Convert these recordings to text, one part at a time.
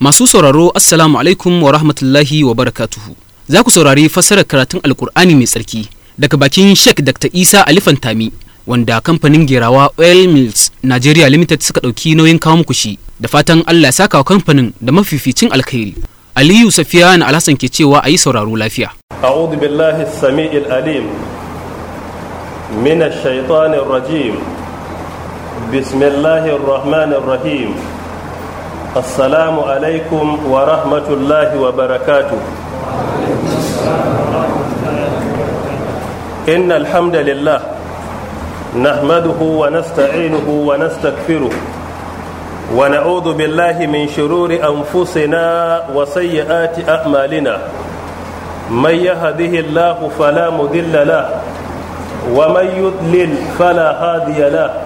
Masu sauraro Assalamu alaikum wa rahmatullahi wa barakatuhu. Za ku saurari fassarar karatun Alkur'ani mai tsarki daga bakin Sheikh Dr. Isa Alifan Tami wanda kamfanin gerawa Oil Mills Nigeria Limited suka ɗauki nauyin kawo muku shi da fatan Allah ya saka wa kamfanin da mafificin alkhairi. Aliyu Safiya na Alhassan ke cewa a yi sauraro lafiya. A'udhu billahi samiil alim rajim. Bismillahir rahmanir rahim. assalamu alaikum wa rahmatullahi wa barakatu إن الحمد لله نحمده ونستعينه ونستغفره ونعوذ بالله من شرور أنفسنا وسيئات أعمالنا من يهده الله فلا مذل له ومن يضلل فلا هادي له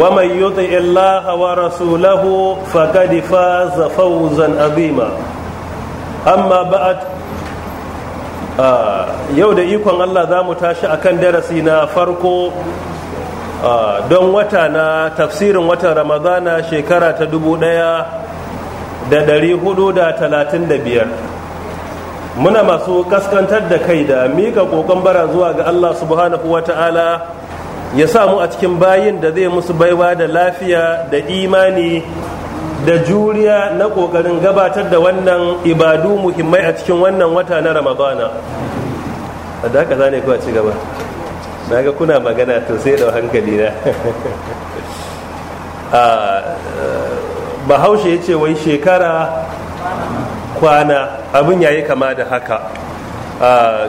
ومن يطع الله ورسوله فقد فاز فوزا عظيما أما بعد yau da ikon Allah za mu tashi a kan darasi na farko don wata na tafsirin watan ramadana shekara ta dubu ɗaya da ɗari hudu da talatin da biyar muna masu kaskantar da kai da mika kokon bara zuwa ga Allah subhanahu wa ta'ala ya sa mu a cikin bayin da zai musu baiwa da lafiya da imani da juriya na ƙoƙarin gabatar da wannan ibadu muhimmai a cikin wannan wata na ramadana a da zane kuwa ci gaba na ga kuna magana to sai da hankali na bahaushe ya ce wai shekara kwana abin yayi kama da haka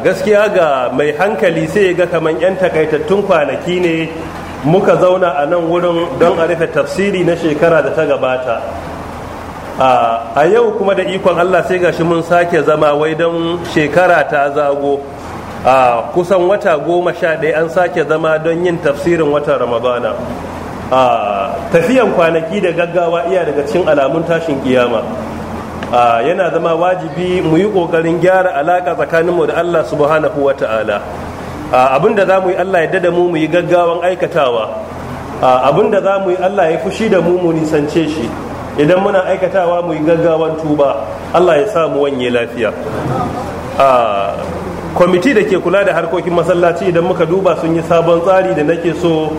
gaskiya ga mai hankali sai ga kaman 'yan takaitattun kwanaki ne muka zauna a nan wurin don a rufe tafsiri na shekara da ta gabata a yau kuma da ikon allah sai gashi mun sake zama wai don shekara ta zago a kusan wata goma sha ɗaya an sake zama don yin tafsirin watan ramadana a tafiyan kwanaki da gaggawa iya daga cikin alamun tashin kiyama yana zama wajibi mu yi ƙoƙarin gyara alaƙa tsakaninmu da Allah subhanahu wa ta'ala abin da za mu yi Allah ya dada mu mu yi gaggawan aikatawa abin da za mu yi Allah ya fushi da mu mu nisance shi idan muna aikatawa mu yi gaggawan tuba Allah ya sa mu wanye lafiya kwamiti da ke kula da harkokin masallaci idan muka duba sun yi sabon tsari da nake so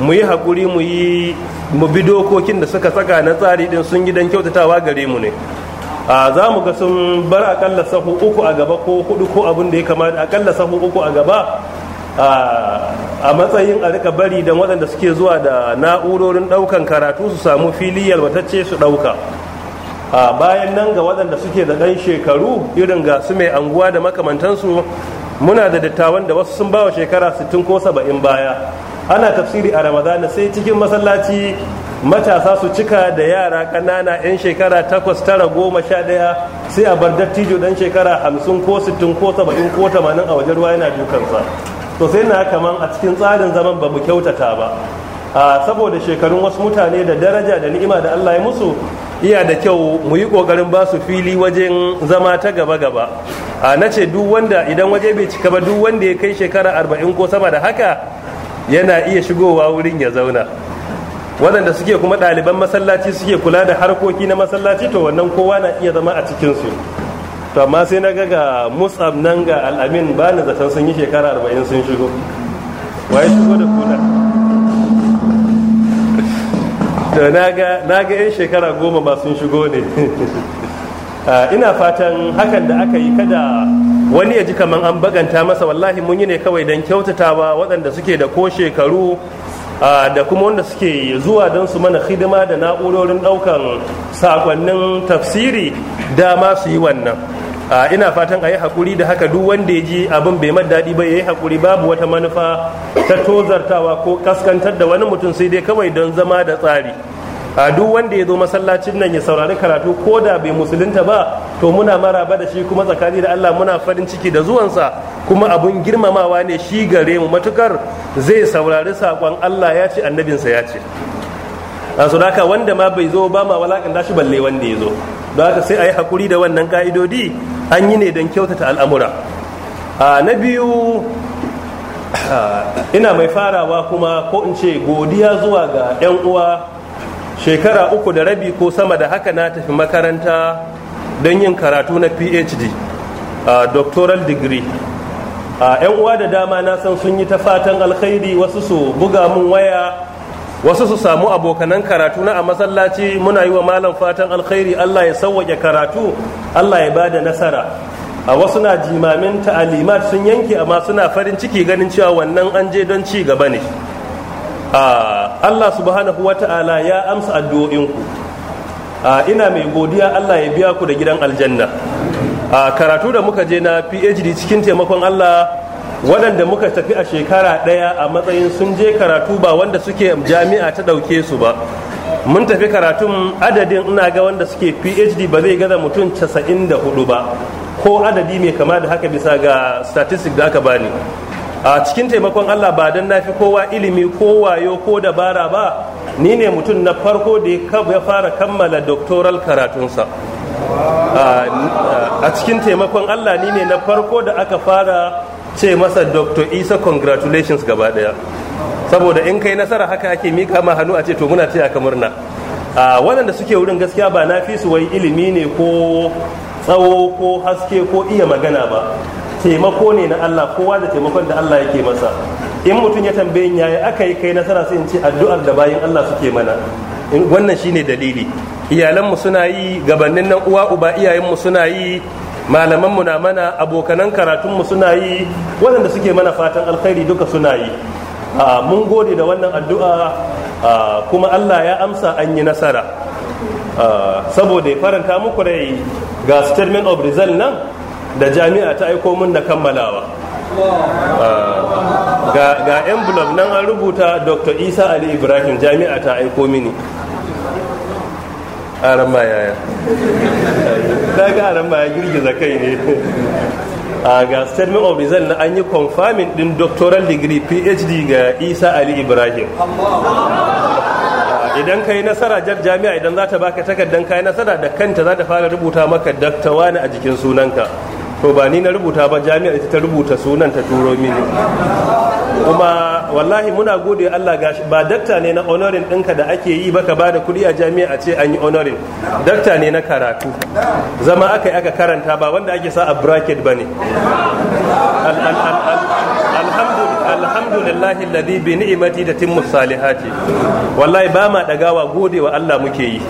mu yi haƙuri mu yi mu bi dokokin da suka saka na tsari din sun gidan kyautatawa gare mu ne a za mu ga sun bar akalla sahu uku a gaba ko hudu ko abin da ya kamata akalla sahu uku a gaba a matsayin a rika bari don waɗanda suke zuwa da na'urorin ɗaukan karatu su samu fili yalwatacce su ɗauka bayan nan ga waɗanda suke da ɗan shekaru irin ga su mai anguwa da makamantansu muna da dattawan da wasu sun bawa shekara 60 ko 70 baya ana tafsiri a ramadana sai cikin masallaci matasa su cika da yara ƙanana 'yan shekara takwas tara goma sha ɗaya sai a bar dattijo ɗan shekara hamsin ko sittin ko saba'in ko tamanin a wajen ruwa yana dukansa to sai na kaman a cikin tsarin zaman ba mu kyautata ba a saboda shekarun wasu mutane da daraja da ni'ima da allah ya musu iya da kyau mu yi ƙoƙarin ba su fili wajen zama ta gaba gaba a na ce duk wanda idan waje bai cika ba duk wanda ya kai shekara arba'in ko sama da haka yana iya shigowa wurin ya zauna waɗanda suke kuma ɗaliban masallaci suke kula da harkoki na masallaci to wannan kowa na iya zama a cikinsu to amma sai na ga ga musab nan ga al'amin ba ni zaton sun yi shekara arba'in sun shigo waye shigo da kula to na ga yan shekara goma ba sun shigo ne ina fatan hakan da aka yi kada wani ya ji kamar an baganta masa wallahi mun yi ne kawai don kyautatawa waɗanda suke da ko shekaru Ah, da kuma wanda suke zuwa don su mana hidima da na'urorin ɗaukan sakonnin tafsiri dama su yi wannan ah, ina fatan a yi haƙuri da haka duk wanda ya ji abin bai mar daɗi ba ya yi haƙuri babu wata manufa ta tozartawa ko kaskantar da wani mutum sai dai kawai don zama da tsari a duk wanda ya zo masallacin nan ya saurari karatu ko da bai musulunta ba to muna maraba da shi kuma tsakani da Allah muna farin ciki da zuwansa kuma abun girmamawa ne shi gare mu matukar zai saurari saƙon Allah ya ce annabinsa ya ce a su haka wanda ma bai zo ba ma walakanta shi balle wanda ya zo don haka sai a yi hakuri da wannan ka'idodi an yi ne don kyautata al'amura a na biyu ina mai farawa kuma ko in ce godiya zuwa ga 'yan uwa shekara uku da rabi ko sama da haka na tafi makaranta don yin karatu na phd a doctoral degree a yan uwa da dama na san sun yi ta fatan alkhairi wasu su buga mun waya wasu su samu abokanan karatu na a masallaci muna yi wa malam fatan alkhairi allah ya sauwaƙe karatu allah ya ba da nasara a wasu na jimamin ta'alimat sun yanke amma suna farin ciki ganin cewa wannan an je don ci gaba ne Ah, Allah subhanahu wa ta'ala ya amsa addu'o'inku ah, ina mai godiya Allah ya biya ku da gidan aljanna ah, karatu da muka je na PhD cikin taimakon Allah waɗanda muka tafi a shekara ɗaya a matsayin sun je karatu ba wanda suke jami'a ta ɗauke su ba mun tafi karatun adadin ina ga wanda suke phd ba zai gaza mutum 94 ba ko adadi mai kama da haka bisa ga statistics da aka bani a cikin taimakon Allah ba dan nafi kowa ilimi ko wayo ko dabara ba ni ne mutum na farko da ya fara kammala doktoral karatunsa a cikin taimakon Allah ni ne na farko da aka fara ce masa Dr. Isa congratulations gaba daya saboda in kai nasara haka ake mika ma hannu a ce to muna taya ka murna waɗanda suke wurin gaskiya ba na fi su wai ilimi ne ko tsawo ko haske ko iya magana ba taimako ne na Allah kowa da taimakon da Allah yake masa in mutum ya tambaye ni yi aka yi kai nasara sai in ce addu'ar da bayin Allah suke mana wannan shine dalili iyalan mu suna yi gabanin nan uwa uba mu suna yi malaman mu na mana abokanan karatun mu suna yi waɗanda suke mana fatan alkhairi duka suna yi mun gode da wannan addu'a kuma Allah ya amsa an yi nasara saboda ya faranta muku rai ga statement of result nan da jami'a ta aiko mun na kammalawa ah, ga envelop nan an rubuta dr isa ali ibrahim jami'a ta aiko mini aran ma yaya daga aran ya girgiza kai ne ah, ga statement of result na an yi confirming din doctoral degree phd ga isa ali ibrahim ah, idan ka yi nasara jar jami'a idan za ta baka takardar yi nasara da kanta za ta fara rubuta maka daktawa ne a jikin sunanka to ba ni na rubuta ba jami'ar ita ta rubuta sunan ta turo mini kuma wallahi muna gode Allah gashi ba dakta ne na honorin ɗinka da ake yi baka ba da kuɗi a jami'a a ce an yi honorin dakta ne na karatu zama aka yi aka karanta ba wanda ake sa a bracket ba ne alhamdulillahi alladhi bi ni'mati da salihati wallahi ba ma dagawa gode wa Allah muke yi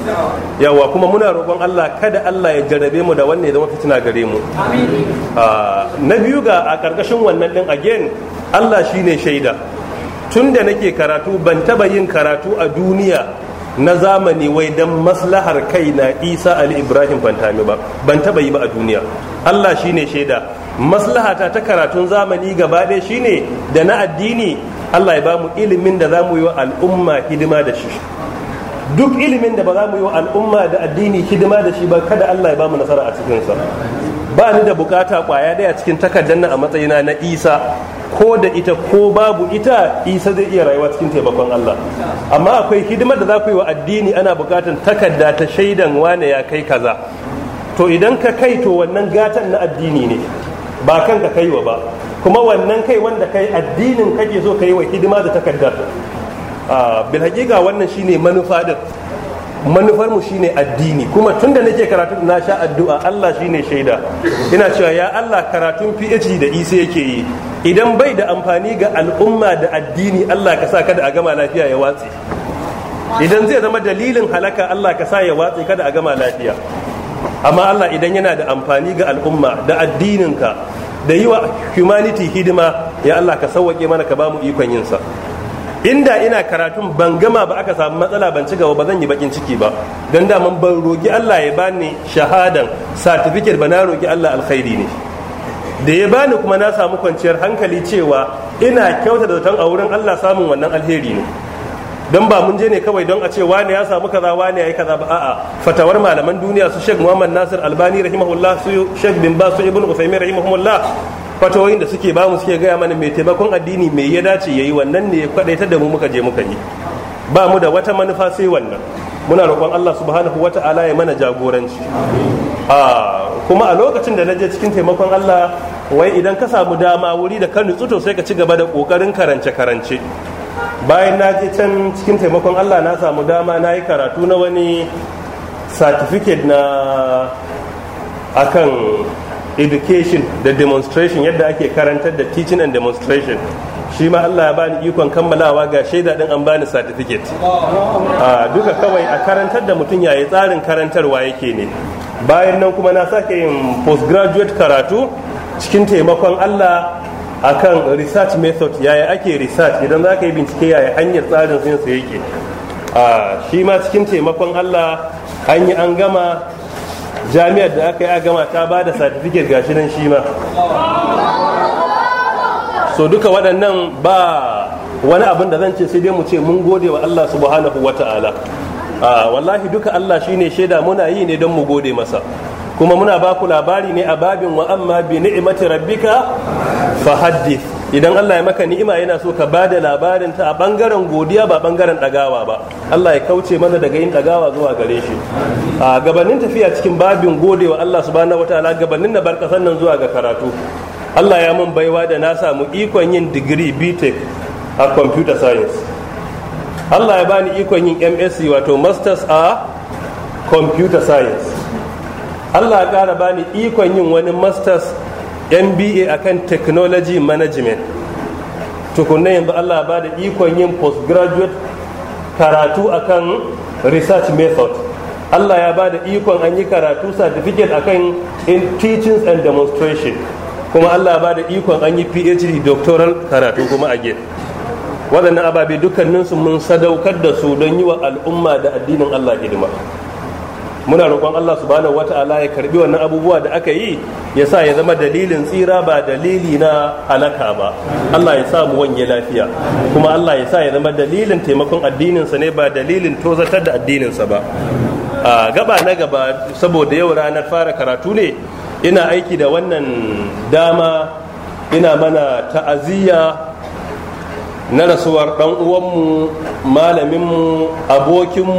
yawa kuma muna roƙon Allah kada Allah ya jarabe mu da wannan ya fitina gare mu ah, na biyu ga a karkashin wannan din again Allah shine shaida tun da nake karatu ban taba yin karatu a duniya na zamani wai dan maslahar kai na isa ali ibrahim ban ba ban taba yi ba a duniya allah shine shaida maslahata ta karatun zamani gaba ɗaya shine da na addini Allah ya ba ilimin da za mu yi wa al'umma hidima da shi duk ilimin da ba za mu yi wa al'umma da addini hidima da shi ba kada Allah ya ba nasara a cikinsa ba ni da bukata kwaya daya cikin takardar a matsayina na isa ko da ita ko babu ita isa zai iya rayuwa cikin taimakon Allah amma akwai hidimar da za ku yi wa addini ana bukatar takarda ta shaidan wane ya kai kaza to idan ka kai to wannan gatan na addini ne ba kanka ka kaiwa ba kuma wannan kai wanda kai addinin kake so kai wa hidima da takaddar ah, bil hakika wannan shine manufa din manufar mu shine addini kuma tunda nake karatu na sha addu'a Allah shine shaida ina cewa ya Allah karatun PhD da isa e yake yi idan bai da amfani ga al'umma da addini Allah ka sa kada a gama lafiya ya watse idan zai zama dalilin halaka Allah ka sa ya watse kada a gama lafiya amma Allah idan yana da amfani ga al'umma da addininka da yi wa humanity hidima ya Allah ka sauwaƙe mana ka bamu ikon yin sa inda ina karatun ban gama ba aka samu matsala ban ci gaba ba zan yi bakin ciki ba dan da mun ban roki Allah ya bani shahadan certificate ba na roki Allah alkhairi ne da ya bani kuma na samu kwanciyar hankali cewa ina kyautata da zaton a wurin Allah samun wannan alheri ne don ba mun je ne kawai don a ce wani ya samu kaza wani ya yi kaza ba a'a fatawar malaman duniya su Sheikh Muhammad Nasir Albani rahimahullah su Sheikh bin Bas su Ibn Uthaymeen rahimahullah fatawoyin da suke ba mu suke gaya mana mai taimakon addini mai ya dace ya yayi wannan ne kwadaitar da mu muka je muka yi ba mu da wata manufa sai wannan muna roƙon Allah subhanahu wata'ala ya mana jagoranci kuma a lokacin da na je cikin taimakon Allah wai idan ka samu dama wuri da ka nutsu to sai ka ci gaba da ƙoƙarin karance karance bayan na je can cikin taimakon allah na samu dama na yi karatu na wani certificate na akan education da demonstration yadda ake karantar da teaching and demonstration shi ma Allah ya bani ikon kammalawa ga shaida din an bani certificate a ah, duka kawai a karantar da mutum yayi tsarin karantarwa yake ne bayan nan kuma na sake yin postgraduate karatu cikin taimakon Allah akan research method yaya ake research idan za ka yi bincike yaya hanyar tsarin sinsa yake shi ma cikin taimakon allah an yi an gama jami'ar da aka yi a gama ta ba da certificate gashi nan shi ma so duka waɗannan ba wani abin da zan ce sai dai mu ce mun gode wa allah subhanahu wa ta'ala wallahi duka allah shi ne shaida muna yi ne don mu gode masa kuma muna ba ku labari ne a babin wa amma bi ni'imati rabbika fa haddith idan Allah ya maka ni'ima yana so ka bada labarin ta a bangaren godiya ba bangaren dagawa ba Allah ya kauce mana daga yin dagawa zuwa gare shi a gabanin tafiya cikin babin godewa Allah subhanahu wataala gabanin na bar kasan nan zuwa ga karatu Allah ya mun baiwa da na samu ikon yin digiri BTech a computer science Allah ya bani ikon yin MSc wato masters a computer science allah ya ƙara bani ikon yin wani masters mba akan technology management tukunna yanzu allah ba da ikon yin postgraduate karatu akan research method allah ya ba da ikon an yi karatu certificate akan in teachings and demonstration kuma allah ba da ikon an yi phd doctoral karatu kuma a waɗannan ababe dukkaninsu mun sadaukar da su don yi wa al'umma da addinin allah hidima muna roƙon Allah subhanahu wata'ala ya karbi wannan abubuwa da aka yi ya sa ya zama dalilin tsira ba dalili na halaka ba Allah ya sa mu wanye lafiya kuma Allah ya sa ya zama dalilin taimakon addinin sa ne ba dalilin tozatar da addinin sa ba a gaba na gaba saboda yau ranar fara karatu ne ina aiki da wannan dama ina mana ta'aziyya na rasuwar ɗan uwanmu malaminmu abokinmu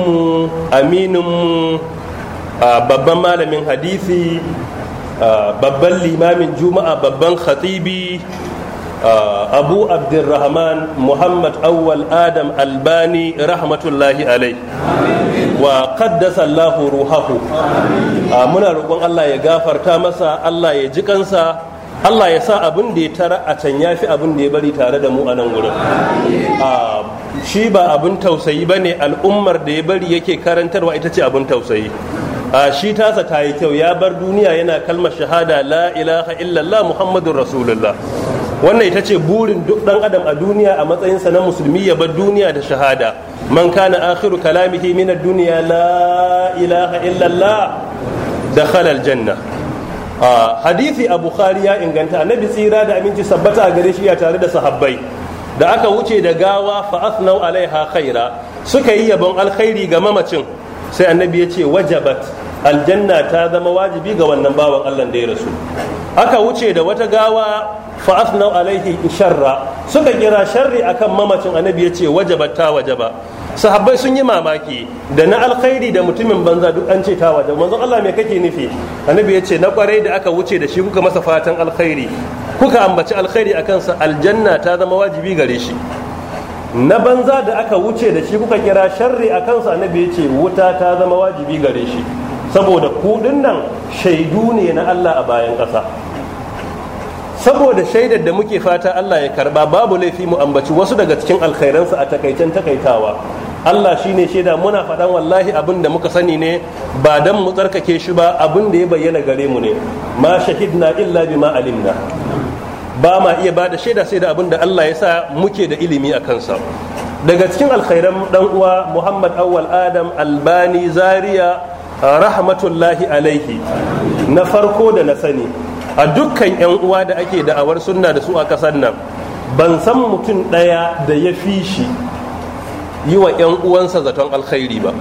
amininmu babban malamin hadisi babban limamin juma'a babban khatibi abu abdurrahman muhammad awwal adam albani rahmatullahi alai wa qaddasa allahu ruhahu muna roƙon allah ya gafarta masa allah ya ji kansa Allah ya sa abin da ya tara a can ya fi abin da ya bari tare da mu a nan wurin. Shi ba abin tausayi ba ne al'ummar da ya bari yake karantarwa ita ce abin tausayi. a shi tasa ta yi kyau ya bar duniya yana kalmar shahada la ilaha illallah muhammadun rasulullah wannan ita ce burin duk dan adam a duniya a matsayinsa na musulmi ya bar duniya da shahada man kana akhiru kalamihi min ad-dunya la ilaha illallah dakhala al-janna hadisi a khari ya inganta annabi tsira da aminci sabbata a gare shi ya tare da sahabbai da aka wuce da gawa fa asnau alaiha khaira suka yi yabon alkhairi ga mamacin sai annabi ya ce wajabat aljanna ta zama wajibi ga wannan bawan Allah da ya rasu aka wuce da wata gawa fa asnau alaihi sharra suka kira sharri akan mamacin annabi yace ce wajaba ta wajaba sahabbai sun yi mamaki da na alkhairi da mutumin banza duk an ce ta wajaba manzon Allah me kake nufi annabi yace na kwarai da aka wuce da shi kuka masa fatan alkhairi kuka ambaci alkhairi akan sa aljanna ta zama wajibi gare shi na banza da aka wuce da shi kuka kira sharri a kansa annabi yace wuta ta zama wajibi gare shi saboda kuɗin nan shaidu ne na Allah a bayan ƙasa saboda shaidar da muke fata Allah ya karba babu laifi mu ambaci wasu daga cikin alkhairansa a takaicen takaitawa Allah shi ne shaida muna faɗan wallahi abin da muka sani ne ba dan mu tsarkake shi ba abin da ya bayyana gare mu ne ma shahidna illa bima alimna ba ma iya ba da shaida sai da abin da Allah ya sa muke da ilimi a kansa daga cikin alkhairan dan uwa Muhammad Awwal Adam Albani Zaria rahmatullahi alaihi na farko da na sani a dukkan 'yan uwa da ake da'awar sunna da su a ƙasar nan ban san mutum ɗaya da ya fi shi yi wa 'yan uwansa zaton alkhairi ba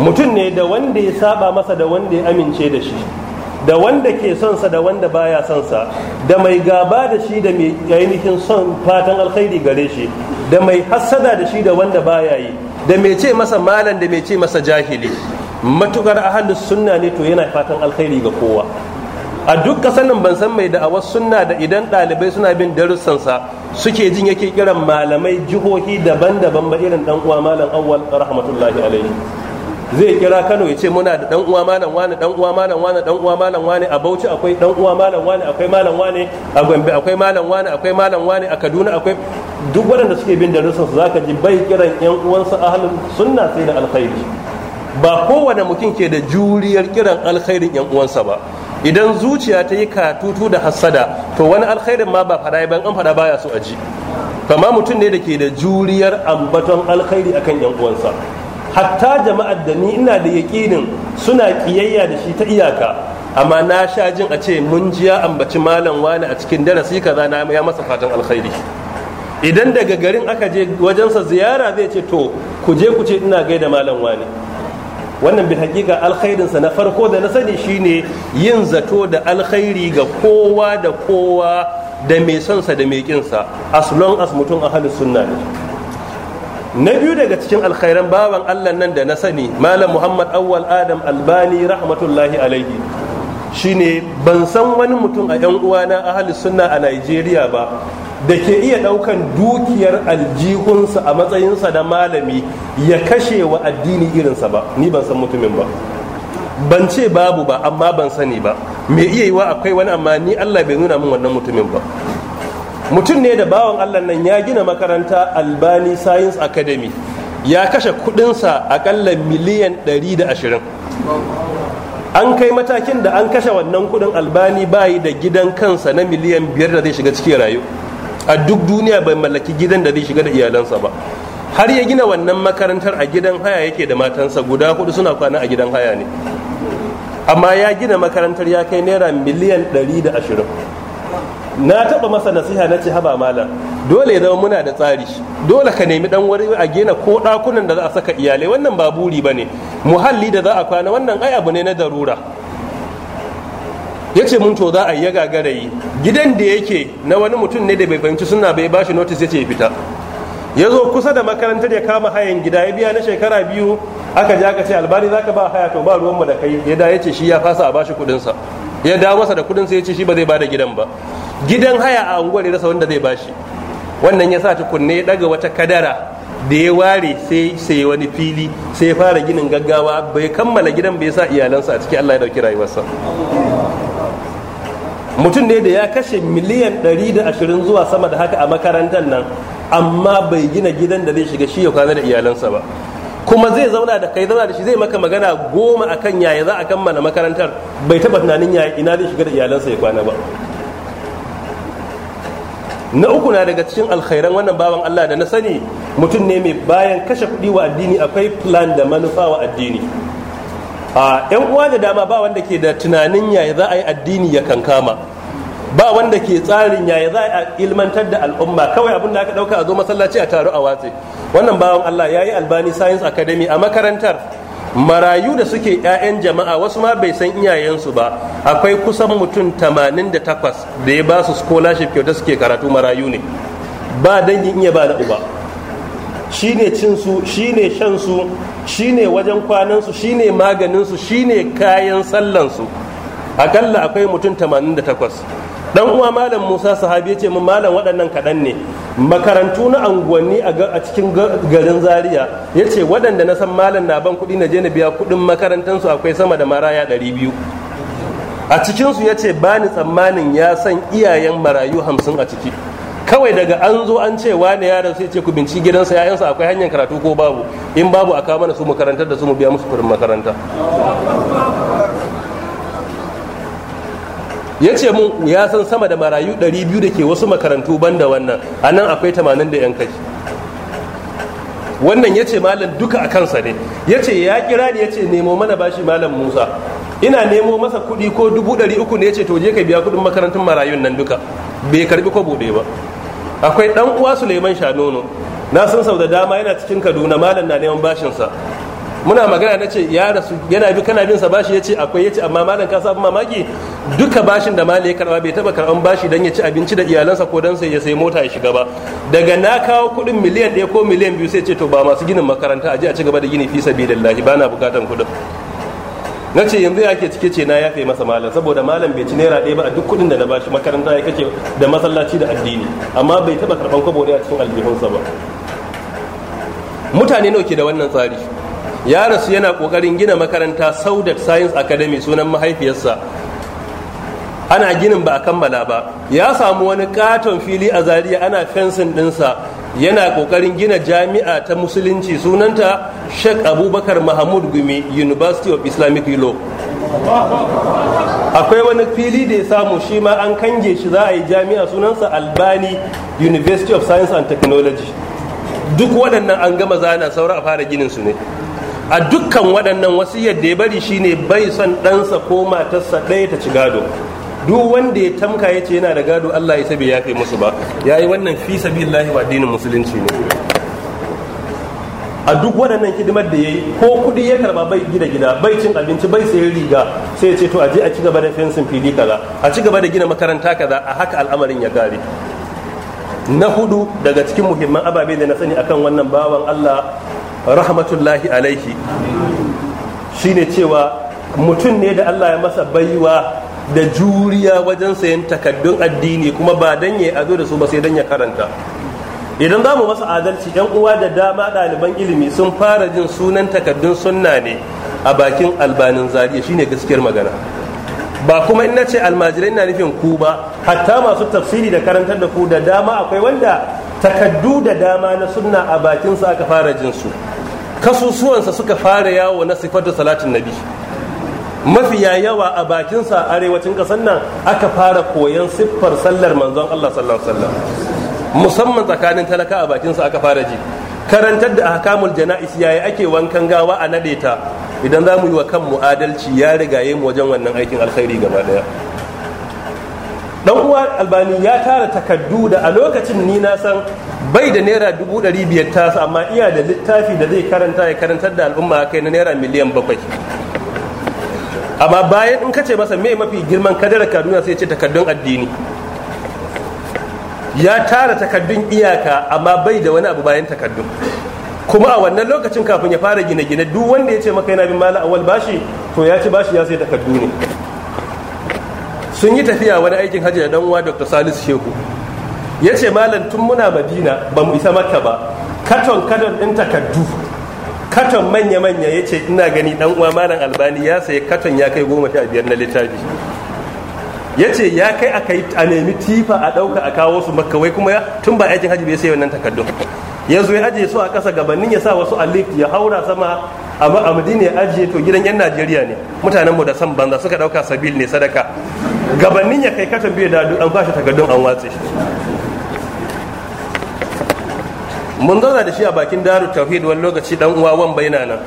mutum ne da wanda ya saba masa da wanda ya amince da shi da wanda ke sonsa da wanda baya sonsa da mai gaba da shi da mai ainihin son fatan alkhairi gare shi da mai hassada da shi da wanda baya yi da mai ce masa malam da mai ce masa jahili matukar ahalus sunna ne to yana fatan alkhairi ga kowa a duk ƙasar nan ban san mai wasu sunna da idan ɗalibai suna bin darussansa suke jin yake kiran malamai jihohi daban-daban ba irin dan uwa malam awwal rahmatullahi alaihi zai kira Kano ya ce muna da dan uwa malam wani dan uwa malam wani dan uwa malam wani a Bauchi akwai dan uwa malam wani akwai malam wani a Gombe akwai malam wani akwai malam wani a Kaduna akwai duk waɗanda suke bin darussansa zaka ji bai kiran yan uwansa ahlul sunna sai da alkhairi ba kowane mutum ke da juriyar kiran alkhairin yan uwansa ba idan zuciya ta yi katutu da hassada to wani alkhairin ma ba fara ban an fara baya so a ji kama mutum ne da ke da juriyar ambaton alkhairi akan yan uwansa hatta jama'ar da ni ina da yaƙinin suna kiyayya da shi ta iyaka amma na sha jin a ce mun ya ambaci malam wani a cikin darasi kaza na ya masa fatan alkhairi idan daga garin aka je wajensa ziyara zai ce to ku je ku ce ina gaida malam wani wannan bin hakika alkhairin na farko da na sani shine yin zato da alkhairi ga kowa da kowa da mai sonsa da mai kin sa as long as mutum ahlus sunna ne na biyu daga cikin alkhairan baban Allah nan da na sani malam Muhammad Awwal Adam Albani rahmatullahi alaihi shine ban san wani mutum a yan uwana ahlus sunna a Najeriya ba da ke iya ɗaukan dukiyar aljihunsa a matsayinsa da malami ya kashe wa addini irinsa ba ni ban san mutumin ba ban ce babu ba amma ban sani ba me iya yiwa akwai wani amma ni Allah bai nuna min wannan mutumin ba mutum ne da bawan Allah nan ya gina makaranta Albani Science Academy ya kashe kudinsa akalla miliyan 120 an kai matakin da an kashe wannan kudin Albani bayi da gidan kansa na miliyan biyar da zai shiga cikin rayu a duk duniya bai mallaki gidan da zai shiga da iyalansa ba har ya gina wannan makarantar a gidan haya yake da matansa guda hudu suna kwana a gidan haya ne amma ya gina makarantar ya kai naira miliyan 120 na taba masa nasiha na ce haba malam dole ya zama muna da tsari dole ka nemi dan wari a gina ko dakunan da za a saka iyalai wannan ba buri ba ne. muhalli da za a kwana wannan ai abu ne na darura ya ce mun to za a yi ya gagara yi gidan da yake na wani mutum ne da bai fahimci suna bai ba shi notice ya ce ya fita ya zo kusa da makarantar ya kama hayan gida ya biya na shekara biyu aka je aka ce albani za ka ba haya to ba ruwanmu da kai ya da ya ce shi ya fasa a ba shi kudinsa ya dawo masa da kudinsa ya ce shi ba zai ba da gidan ba gidan haya a unguwar ya rasa wanda zai ba shi. wannan ya sa tukunne ya daga wata kadara da ya ware sai sai wani fili sai ya fara ginin gaggawa bai kammala gidan bai sa iyalansa a ciki Allah ya dauki rayuwarsa mutum ne da ya kashe miliyan 120 zuwa sama da haka a makarantar nan amma bai gina gidan da zai shiga shi ya kwana da iyalansa ba kuma zai zauna da kai zauna da shi zai maka magana goma akan yaya za a kammala makarantar bai taba tunanin yaya ina zai shiga da iyalansa ya kwana ba na uku na daga cikin alkhairan wannan bawan Allah da na sani mutum ne mai bayan kashe kuɗi wa addini akwai plan da manufa wa addini a yan uwa da dama ba wanda ke da tunanin yaya za a yi addini ya kankama ba wanda ke tsarin yaya za a ilmantar da al'umma kawai abin da aka ɗauka a zo masallaci a taru a watse wannan bawan Allah ya yi albani science academy a makarantar marayu da suke 'ya'yan jama'a wasu ma bai san iyayensu ba akwai kusan mutum tamanin da takwas da ya ba su scholarship kyauta suke karatu marayu ne ba dangin iya ba na uba shine cinsu shine shansu shine wajen kwanansu shine maganinsu shine kayan sallansu akalla akwai mutum 88 dan uwa malam musa sahabi ya ce mun malam waɗannan kaɗan ne makarantu na anguwanni a cikin garin zaria ya ce waɗanda na san malam na ban kuɗi na je na biya kuɗin makarantansu akwai sama da maraya 200 a cikinsu ya ce ba ni tsammanin ya san iyayen marayu hamsin a ciki kawai daga an zo an ce wani yaron sai ce ku binci gidansa yayansa akwai hanyar karatu ko babu in babu a kawo mana su makarantar da su mu biya musu kuɗin makaranta ya ce mun ya san sama da marayu 200 da ke wasu makarantu banda wannan a nan akwai 80 da yan kai wannan ya ce malam duka a kansa ne ya ce ya kira ni ya ce nemo mana bashi malam musa ina nemo masa kuɗi ko dubu uku ne ya ce to je ka biya kuɗin makarantun marayun nan duka bai karbi ko bude ba akwai dan uwa Suleiman Shanono na san sau da dama yana cikin Kaduna malam na neman bashin sa muna magana na ce ya rasu yana bi kana bin sa bashi yace akwai yace amma malam ka sabu mamaki duka bashin da malam ya karba bai taba karban bashi dan ya ci abinci da iyalansa ko dan sai ya sai mota ya shiga ba daga na kawo kudin miliyan ɗaya ko miliyan biyu sai ce to ba masu ginin makaranta a a ci gaba da gini fi sabilillahi na bukatan kudin na ce yanzu yake cike ce na yafe masa malam saboda malam bai ci naira ɗaya ba a duk kuɗin da na bashi makaranta ya kace da masallaci da addini amma bai taɓa karɓan kwabo ne a cikin aljihunsa ba mutane nawa ke da wannan tsari ya rasu yana kokarin gina makaranta saudat science academy sunan mahaifiyarsa ana ginin ba a kammala ba ya samu wani katon fili a zaria ana fensin ɗinsa. yana kokarin gina jami'a ta musulunci sunanta Sheikh Abubakar Mahmud Gumi University of Islamic Law akwai wani fili da ya samu shi ma an kange shi za a yi jami'a sunansa Albani University of Science and Technology duk waɗannan an gama zana saura a fara ginin su ne a dukkan waɗannan wasu yadda ya bari shine bai son ɗansa ko matarsa ɗaya ta ci gado duk wanda ya tamka ya ce yana da gado Allah ya tabi ya kai musu ba ya yi wannan fi allah wa addinin musulunci ne a duk waɗannan hidimar da ya yi ko kuɗi ya karɓa bai gida gida bai cin abinci bai sayi riga sai ya ce to a je a ci gaba da fensin fili kaza a ci gaba da gina makaranta kaza a haka al'amarin ya gari. na hudu daga cikin muhimman ababe da na sani akan wannan bawan Allah rahmatullahi alaihi shine cewa mutum ne da Allah ya masa baiwa da juriya wajen sayan takaddun addini kuma ba dan ya zo da su ba sai dan ya karanta idan za mu masa adalci yan uwa da dama ɗaliban ilimi sun fara jin sunan takaddun sunna ne a bakin albanin zariya shine gaskiyar magana ba kuma in ce almajirai na nufin ku ba hatta masu tafsiri da karantar da ku da dama akwai wanda takaddu da dama na sunna a bakin su aka fara jin su. kasusuwansa suka fara yawo na sifatu salatin nabi mafiya yawa a bakinsa a arewacin ƙasar nan aka fara koyon siffar sallar manzon Allah sallallahu alaihi wasallam musamman tsakanin talaka a bakinsa aka fara ji karantar da ahkamul jana'is yayi ake wankan gawa a nade ta idan za mu yi wa kanmu adalci ya rigaye mu wajen wannan aikin alkhairi gaba daya dan uwa albani ya tara takaddu da a lokacin ni na san bai da naira dubu ɗari biyar tasa amma iya da littafi da zai karanta ya karantar da al'umma kai na naira miliyan bakwai amma bayan in kace masa me mafi girman kadara kaduna sai ce takaddun addini ya tara takaddun iyaka amma bai da wani abu bayan takaddun kuma a wannan lokacin kafin ya fara gine-gine duk wanda ya ce maka yana bin mala awal bashi to ya ci bashi ya sai takaddu ne sun yi tafiya wani aikin hajji da dan uwa dr salisu shehu ya ce malam tun muna madina ba mu isa maka ba katon katon din takaddu katon manya-manya ya ce ina gani dan uwa malam albani ya sayi katon ya kai goma sha biyar na littafi ya ce ya kai aka yi a nemi tifa a ɗauka a kawo su makawai kuma tun ba aikin hajji bai sai wannan takardun ya zo ya ajiye su a kasa gabanin ya sa wasu alif ya haura sama amma a madina ya ajiye to gidan yan najeriya ne mutanen mu da san banza suka ɗauka sabil ne sadaka gabanin ya kai katon biyu da an bashi takardun an watse mun zauna da shi a bakin daru tawhid wani lokaci dan uwa wan baina nan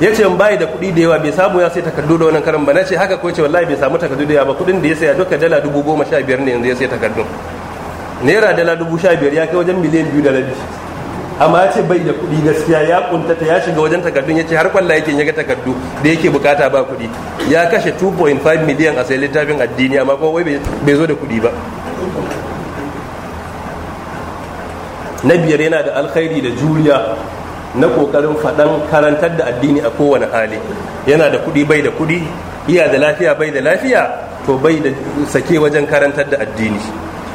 ya ce bai da kuɗi da yawa bai samu ya sai takardu da wannan karan ba na ce haka ko ce wallahi bai samu takardu da yawa ba kuɗin da ya saya duka dala dubu goma sha biyar ne yanzu ya sai takardu. naira dala dubu sha biyar ya kai wajen miliyan biyu da rabi amma ya ce bai da kuɗi gaskiya ya kuntata ya shiga wajen takardun ya ce har kwalla yake ya ga takardu da yake bukata ba kuɗi ya kashe 2.5 miliyan a sai littafin addini amma kuma bai zo da kuɗi ba na biyar yana da alkhairi da juriya na kokarin faɗan karantar da addini a kowane hali yana da kuɗi bai da kuɗi iya da lafiya bai da lafiya to bai da sake wajen karantar da addini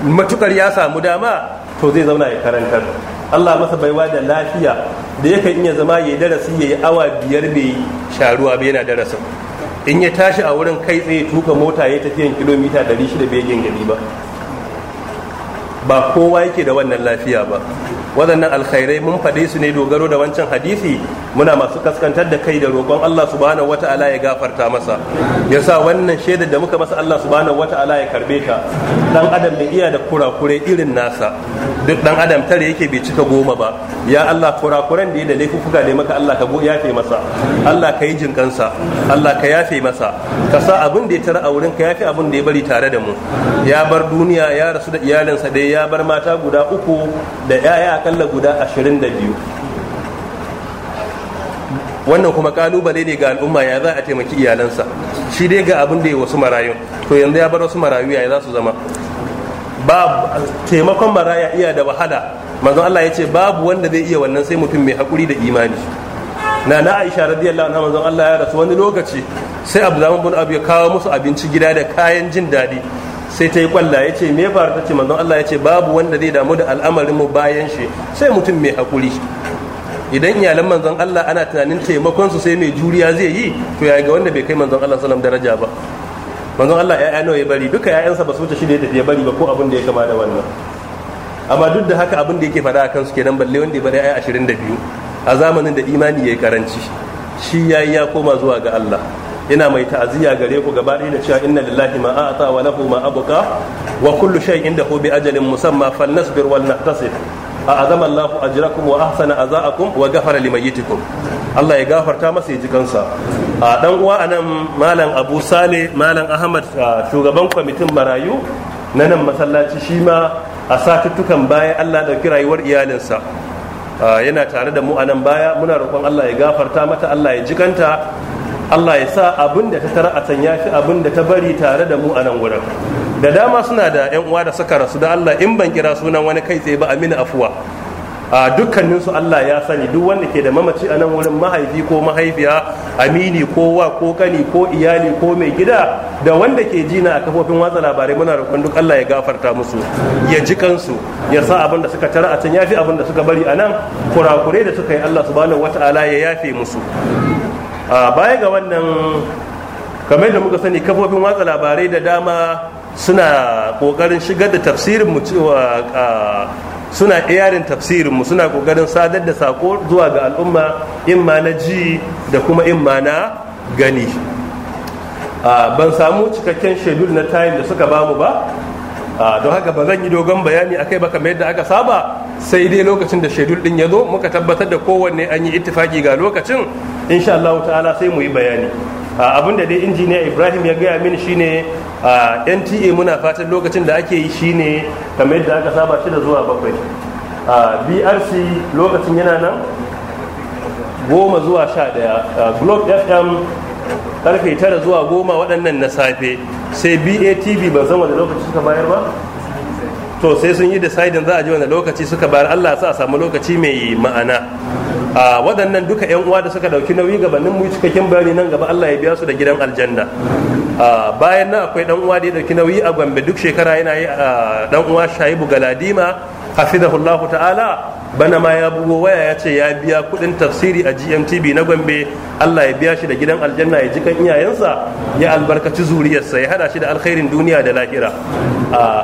matukar ya samu dama to zai zauna ya karantar Allah masa baiwa da lafiya da in ya zama ya darasi ya yi awa biyar bai sharuwa bai yana darasin in ya tashi a wurin kai tsaye tuka mota ya tafiyan kilomita 600 bai gingiri ba ba kowa yake da wannan lafiya ba waɗannan alkhairai mun faɗe su ne dogaro da wancan hadisi muna masu kaskantar da kai da roƙon Allah subhanahu wata'ala ya gafarta masa ya sa wannan shaidar da muka masa Allah subhanahu wata'ala ya karbe ta dan adam bai iya da kurakure irin nasa duk dan adam tare yake bai cika goma ba ya Allah kurakuren da ya da laifuka da maka Allah ka yafe masa Allah ka yi jinkansa Allah ka yafe masa ka sa abin da ya tara a wurin ka yafe abin da ya bari tare da mu ya bar duniya ya rasu da iyalinsa dai ya bar mata guda uku da 'ya'ya akalla guda da biyu wannan kuma kalubale ne ga al'umma ya za a taimaki iyalansa shi dai ga abin da ya wasu marayu to yanzu ya bar wasu marayu ya za su zama taimakon maraya iya da wahala manzon Allah ya ce babu wanda zai iya wannan sai mutum mai haƙuri da imani na na Aisha radiyallahu anha manzon Allah ya rasu wani lokaci sai Abdulrahman bin Abi ya kawo musu abinci gida da kayan jin daɗi sai ta yi kwalla ya ce me faru ta ce manzon Allah ya ce babu wanda zai damu da al'amarin mu bayan shi sai mutum mai hakuri idan iyalan manzon Allah ana tunanin taimakon su sai mai juriya zai yi to ya ga wanda bai kai manzon Allah sallam daraja ba manzon Allah ya'ya nawa ya bari duka ya'yansa ba su wuce shi da ya bari ba ko abin da ya kama da wannan amma duk da haka abin da yake faɗa a kansu kenan balle wanda ya bari ya'ya 22 a zamanin da imani yayi karanci shi yayi ya koma zuwa ga Allah ina mai ta'aziyya gare ku gaba da cewa inna lillahi ma a'ata wa lahu ma abqa wa kullu shay'in indahu bi ajalin musamma falnasbir wal nahtasib azama Allah ajrakum wa ahsana azaakum wa ghafara limayyitikum Allah ya gafarta masa jikan sa a dan uwa anan malam Abu Sale malam Ahmad shugaban kwamitin marayu na nan masallaci shi ma a satuttukan baya Allah dauki rayuwar iyalinsa yana tare da mu a nan baya muna roƙon Allah ya gafarta mata Allah ya jikanta Allah ya sa abin da ta tara a can ya fi abin da ta bari tare da mu a nan wurin da dama suna da yan uwa da suka rasu da Allah in ban kira sunan wani kai tsaye ba amina afuwa a dukkanin su Allah ya sani duk wanda ke da mamaci a nan wurin mahaifi ko mahaifiya amini ko wa ko kani ko iyali ko mai gida da wanda ke jina a kafofin watsa labarai muna roƙon duk Allah ya gafarta musu ya ji kansu ya sa abin da suka tara a can ya fi abin da suka bari a nan kurakurai da suka yi Allah subhanahu wataala ya yafe musu a baya ga wannan kamar da muka sani kafofin watsa labarai da dama suna kokarin shigar da tafsirin mu cewa suna yarin tafsirin mu suna kokarin sadar da sako zuwa ga al'umma in ma na ji da kuma in ma na gani ban samu cikakken shedul na tayin da suka bamu ba don haka ba zan yi dogon bayani akai ba kamar yadda aka saba sai dai lokacin da shaidul din ya zo muka tabbatar da kowanne an yi ittifaki ga lokacin insha Allah ta'ala sai mu yi bayani abin da dai injiniya ibrahim ya gaya mini shine nta muna fatan lokacin da ake yi shine kamar yadda aka saba shida zuwa bakwai brc lokacin yana nan goma zuwa sha daya globe fm karfe tara zuwa goma waɗannan na safe sai batv ban san da lokaci suka bayar ba to sai sun yi decidin za a ji wani lokaci suka bayar Allah sa a samu lokaci mai ma'ana a waɗannan duka yan uwa da suka ɗauki nauyi gabanin mu cikakken bayani nan gaba Allah ya biya su da gidan aljanna a bayan nan akwai dan uwa da ya dauki nauyi a Gombe duk shekara yana yi a dan uwa Shaibu Galadima Hullahu ta'ala bana ma ya bugo waya ya ce ya biya kudin tafsiri a GMTB na Gombe Allah ya biya shi da gidan aljanna ya jikan iyayensa ya albarkaci zuriyarsa ya hada shi da alkhairin duniya da lahira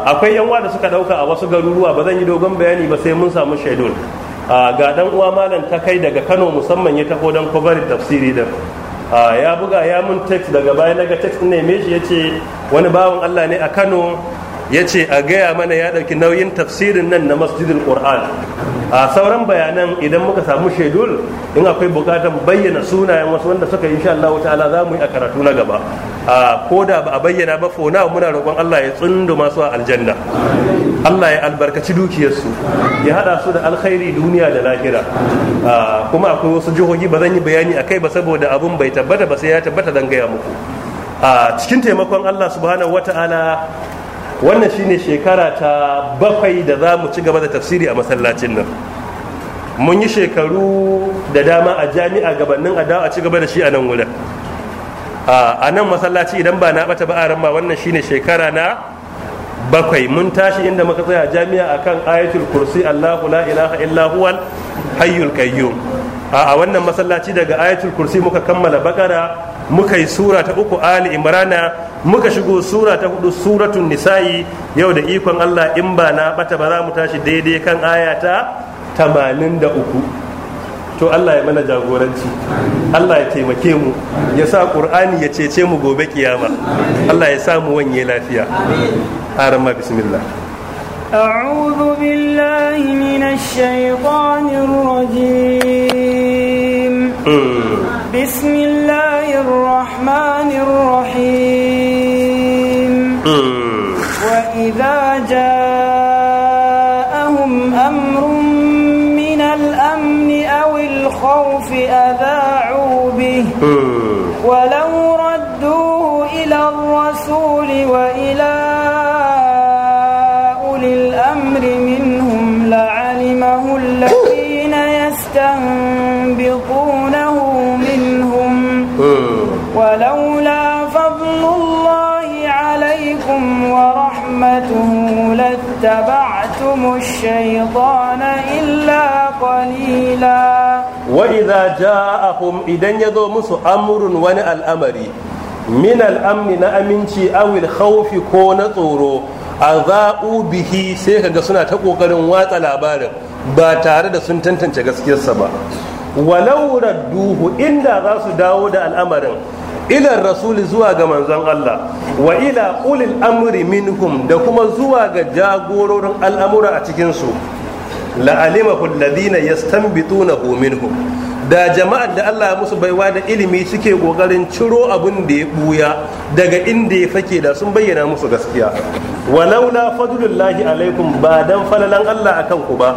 akwai yan da suka dauka a wasu garuruwa ba zan yi dogon bayani ba sai mun samu shaidun ga dan uwa malam ta kai daga Kano musamman ya taho dan kovarin tafsiri din ya buga ya mun text daga baya naga text ne me shi yace wani bawan Allah ne a Kano ya ce a gaya mana ya ɗauki nauyin tafsirin nan na masjidul Ƙur'an. a sauran bayanan idan muka samu shedul in akwai bukatar bayyana sunayen wasu wanda suka yi insha Allah ta'ala za mu yi a karatu na gaba a ko da ba a bayyana ba fona muna roƙon Allah ya tsundu masu a aljanna Allah ya albarkaci dukiyarsu ya hada su da alkhairi duniya da lahira kuma akwai wasu jihohi ba zan yi bayani akai ba saboda abun bai tabbata ba sai ya tabbata zan gaya muku a cikin taimakon Allah subhanahu wata'ala wannan shine shekara ta bakwai da za mu ci gaba da tafsiri a masallacin nan mun yi shekaru da dama a jami'a gabanin a dawo a ci gaba da shi a nan wurin a nan masallaci idan ba na bata ba a wannan shine shekara na bakwai mun tashi inda muka tsaya jami'a akan ayatul kursi Allahu la ilaha illa huwal hayyul qayyum a wannan masallaci daga ayatul kursi muka kammala bakara muka yi sura ta uku ali imrana muka shigo sura ta hudu suratun nisa'i yau da ikon allah in ba na bata ba za mu tashi daidai kan aya ta tamanin da uku to allah ya mana jagoranci allah ya taimake mu ya sa ƙur'ani ya cece mu gobe kiyama allah ya sa mu wanye lafiya haramma bismillah أعوذ بالله من الشيطان الرجيم بسم الله الرحمن الرحيم وإذا جاءهم أمر من الأمن أو الخوف أذاعوا به ولو ورحمته لاتبعتم الشيطان إلا idan ya zo musu يذو wani al'amari, ون الأمر na aminci نأمنشي أو ko na tsoro aza'u bihi sai kaga suna ta ƙoƙarin watsa labarin ba tare da sun tantance gaskiyarsa ba walau radduhu inda za su dawo da al'amarin ilar rasuli zuwa ga manzon Allah wa ila ulil amri minhum da kuma zuwa ga jagororin al'amura a cikin su cikinsu la'alimahu alladhina hu minhum da jama'ar da Allah ya musu baiwa da ilimi suke kokarin ciro abun da ya buya daga inda ya fake da sun bayyana musu gaskiya walaula fadlullahi alaikum ba dan falalan Allah akan ku ba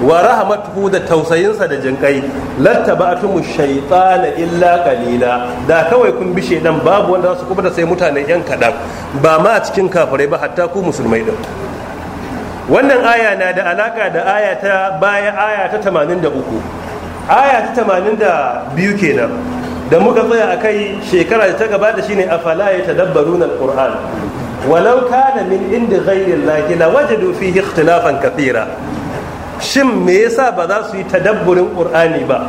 wa rahmatuhu da tausayinsa da jinkai lattaba'atumu shaytana illa qalila da kawai kun bi dan babu wanda su kuma da sai mutane yan kadan ba ma a cikin kafirai ba hatta ku musulmai din wannan aya na da alaka da aya ta baya aya ta 83 aya ta 82 kenan da muka tsaya a kai shekara da ta gabata shine afala yatadabbaruna alquran walau kana min indi ghayri allahi lawajadu fihi ikhtilafan kathira shin me yasa ba za su yi tadabburin ƙur'ani ba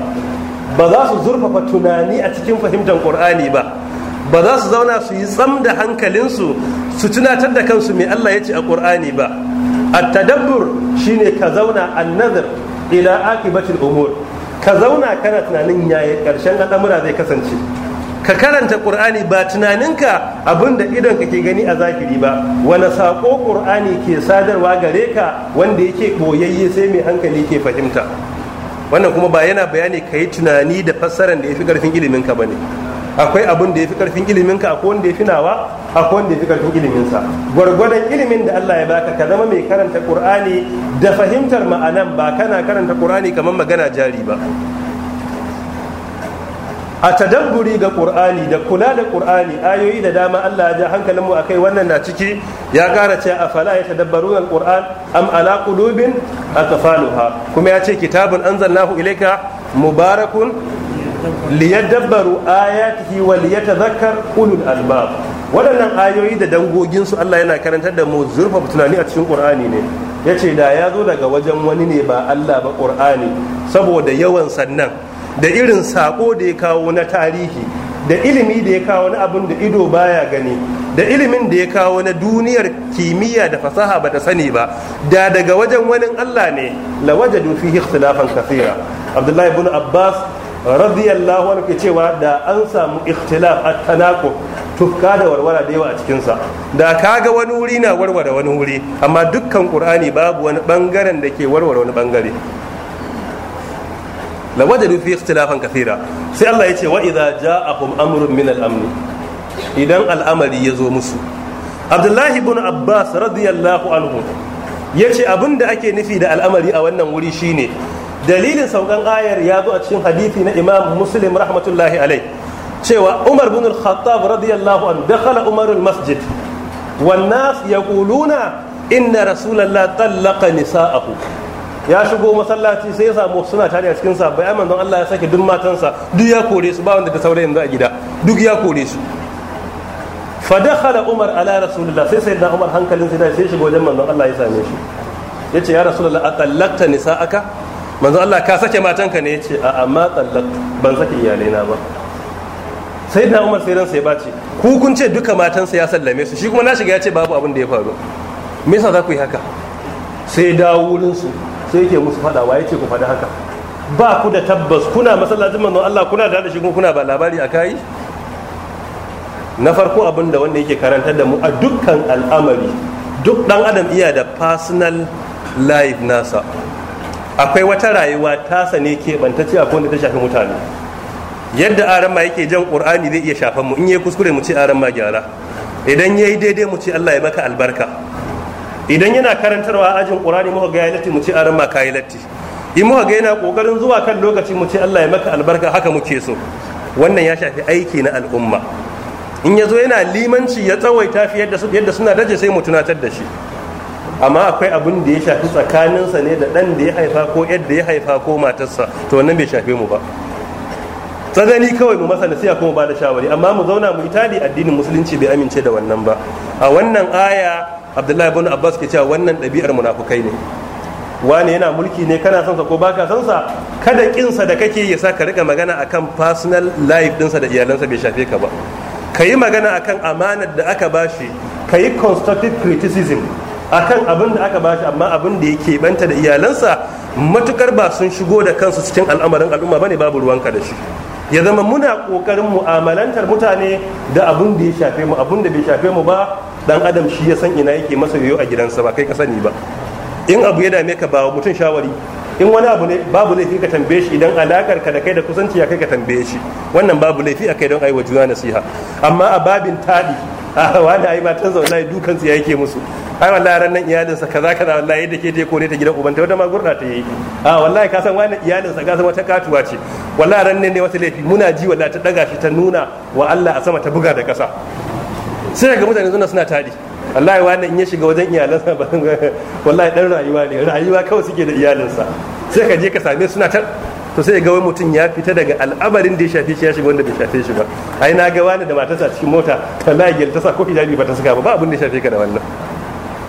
ba za su zurfafa tunani a cikin fahimtar ƙur'ani ba ba za su zauna su yi tsam da hankalinsu su tunatar da kansu mai Allah ya ce a qur'ani ba at-tadabbur shine ka zauna an-nazar ila akibatil umur ka zauna kana tunanin yaya karshen al'amura zai kasance ka karanta ƙur'ani ba tunaninka abinda idon ka ke gani a zahiri ba wani saƙo ƙur'ani ke sadarwa gare ka wanda yake boyayye sai mai hankali ke fahimta wannan kuma ba yana bayani ka yi tunani da fassarar da ya fi ƙarfin ilimin ka ne. akwai abin da ya fi ƙarfin ilimin ka akwai wanda ya fi nawa akwai wanda ya fi ƙarfin ilimin sa gwargwadon ilimin da Allah ya baka ka zama mai karanta qur'ani da fahimtar ma'anan ba kana karanta qur'ani kamar magana jari ba a tadabburi ga qur'ani da kula da qur'ani ayoyi da dama Allah ya ja hankalin mu akai wannan na ciki ya kara ce afala ya tadabbaruna qur'an am ala qulubin aqfaluha kuma ya ce kitabun anzalnahu ilayka mubarakun liyadabbaru ayatihi wa liyatadhakkar ulul albab waɗannan ayoyi da dangoginsu Allah yana karantar da mu zurfa tunani a cikin qur'ani ne yace da ya zo daga wajen wani ne ba Allah ba qur'ani saboda yawan sannan da irin sako da ya kawo na tarihi da ilimi da ya kawo na abin da ido baya gani da ilimin da ya kawo na duniyar kimiyya da fasaha ba ta sani ba da daga wajen wani Allah ne la wajadu fihi ikhtilafan kafira. Abdullahi ibn Abbas radiyallahu anhu ke cewa da an samu ikhtilaf a tanaku tufka da warwara da yawa a cikin sa da kaga wani wuri na warware wani wuri amma dukkan ƙur'ani babu wani bangaren da ke warware wani bangare la wajadu fi ikhtilafan kathira sai Allah ya ce wa idza ja'akum amrun min al-amn idan al'amari ya zo musu Abdullahi ibn Abbas radiyallahu anhu yace abinda ake nufi da al'amari a wannan wuri shine dalilin saukan ayar ya zo a cikin hadisi na Imam Muslim rahmatullahi alai cewa Umar ibn al-Khattab radiyallahu anhu dakhala Umar al-masjid wan nas yaquluna inna rasulallah tallaqa nisa'ahu ya shigo masallaci sai ya samu suna tare a cikin sabbai ai manzon Allah ya sake duk matansa duk ya kore su ba wanda ta saurayi yanzu a gida duk ya kore su fa dakhala umar ala rasulillah sai sai da umar hankalin sai sai shigo wajen manzon Allah ya same shi yace ya rasulullah atallaqta nisaaka manzon Allah ka sake matanka ne yace a amma tallaqta ban sake na ba sai da umar sai ran sai bace ku kun ce duka matansa ya sallame su shi kuma na shiga ya ce babu abin da ya faru me yasa za ku yi haka sai dawo wurin su sai yake musu faɗa waye ce ku faɗi haka ba ku da tabbas kuna masallacin manzon Allah kuna da shi kuma kuna ba labari a kai na farko abin da wanda yake karantar da mu a dukkan al'amari duk dan adam iya da personal life nasa akwai wata rayuwa tasa ne ce a wanda ta shafi mutane yadda aran yake jan qur'ani zai iya shafan mu in yayi kuskure mu ce aran gyara idan yayi daidai mu ce Allah ya maka albarka idan yana karantarwa ajin ƙurani muka ga ya latti mu ce aran ma kayi latti in muka ga yana ƙoƙarin zuwa kan lokaci mu ce Allah ya maka albarka haka muke so wannan ya shafi aiki na al'umma in ya zo yana limanci ya tsawaita fi yadda suna daje sai mu tunatar da shi amma akwai abin da ya shafi tsakaninsa ne da ɗan da ya haifa ko yadda ya haifa ko matarsa to wannan bai shafe mu ba tsanani kawai mu masa nasiha kuma ba da shawari amma mu zauna mu itali addinin musulunci bai amince da wannan ba a wannan aya abdullahi ibn abbas ke cewa wannan ɗabi'ar munafukai ne wani yana mulki ne kana sansa ko baka sansa kada kinsa da kake yasa ka rika magana akan personal life dinsa da iyalansa bai shafe ka ba ka magana akan amanar da aka bashi ka yi constructive criticism akan abin da aka bashi amma abin da yake banta da iyalansa matukar ba sun shigo da kansu cikin al'amarin al'umma bane babu ruwan ka da shi ya zama muna kokarin mu'amalantar mutane da abin da ya shafe mu abin da bai shafe mu ba dan adam shi ya san ina yake masa yoyo a gidansa ba kai ka sani ba in abu ya dame ka ba mutum shawari in wani abu ne babu laifi ka tambaye shi idan alakar ka da kai da kusanci ya kai ka tambaye shi wannan babu laifi a kai don aiwa juna nasiha amma a babin taɗi a wani ayi matan zauna ya dukan su yake musu ai wallahi ran nan iyalinsa kaza kaza wallahi yadda ke je kore ta gidan ubanta wata ma gurna ta yi a wallahi ka san wani iyalinsa ka san wata katuwa ce wallahi ran ne wata laifi muna ji wallahi ta daga shi ta nuna wa Allah a sama ta buga da kasa sai ga mutane suna suna tadi wallahi wani in ya shiga wajen iyalansa ba wallahi dan rayuwa ne rayuwa kawai suke da iyalinsa sai ka je ka same suna tar to sai ga wani mutum ya fita daga al'amarin da ya shafe shi ya shiga wanda bai shafe shi ba ai na ga wani da matarsa cikin mota wallahi gel ta sa ko hijabi ba ta saka ba ba abin da ya shafe ka da wannan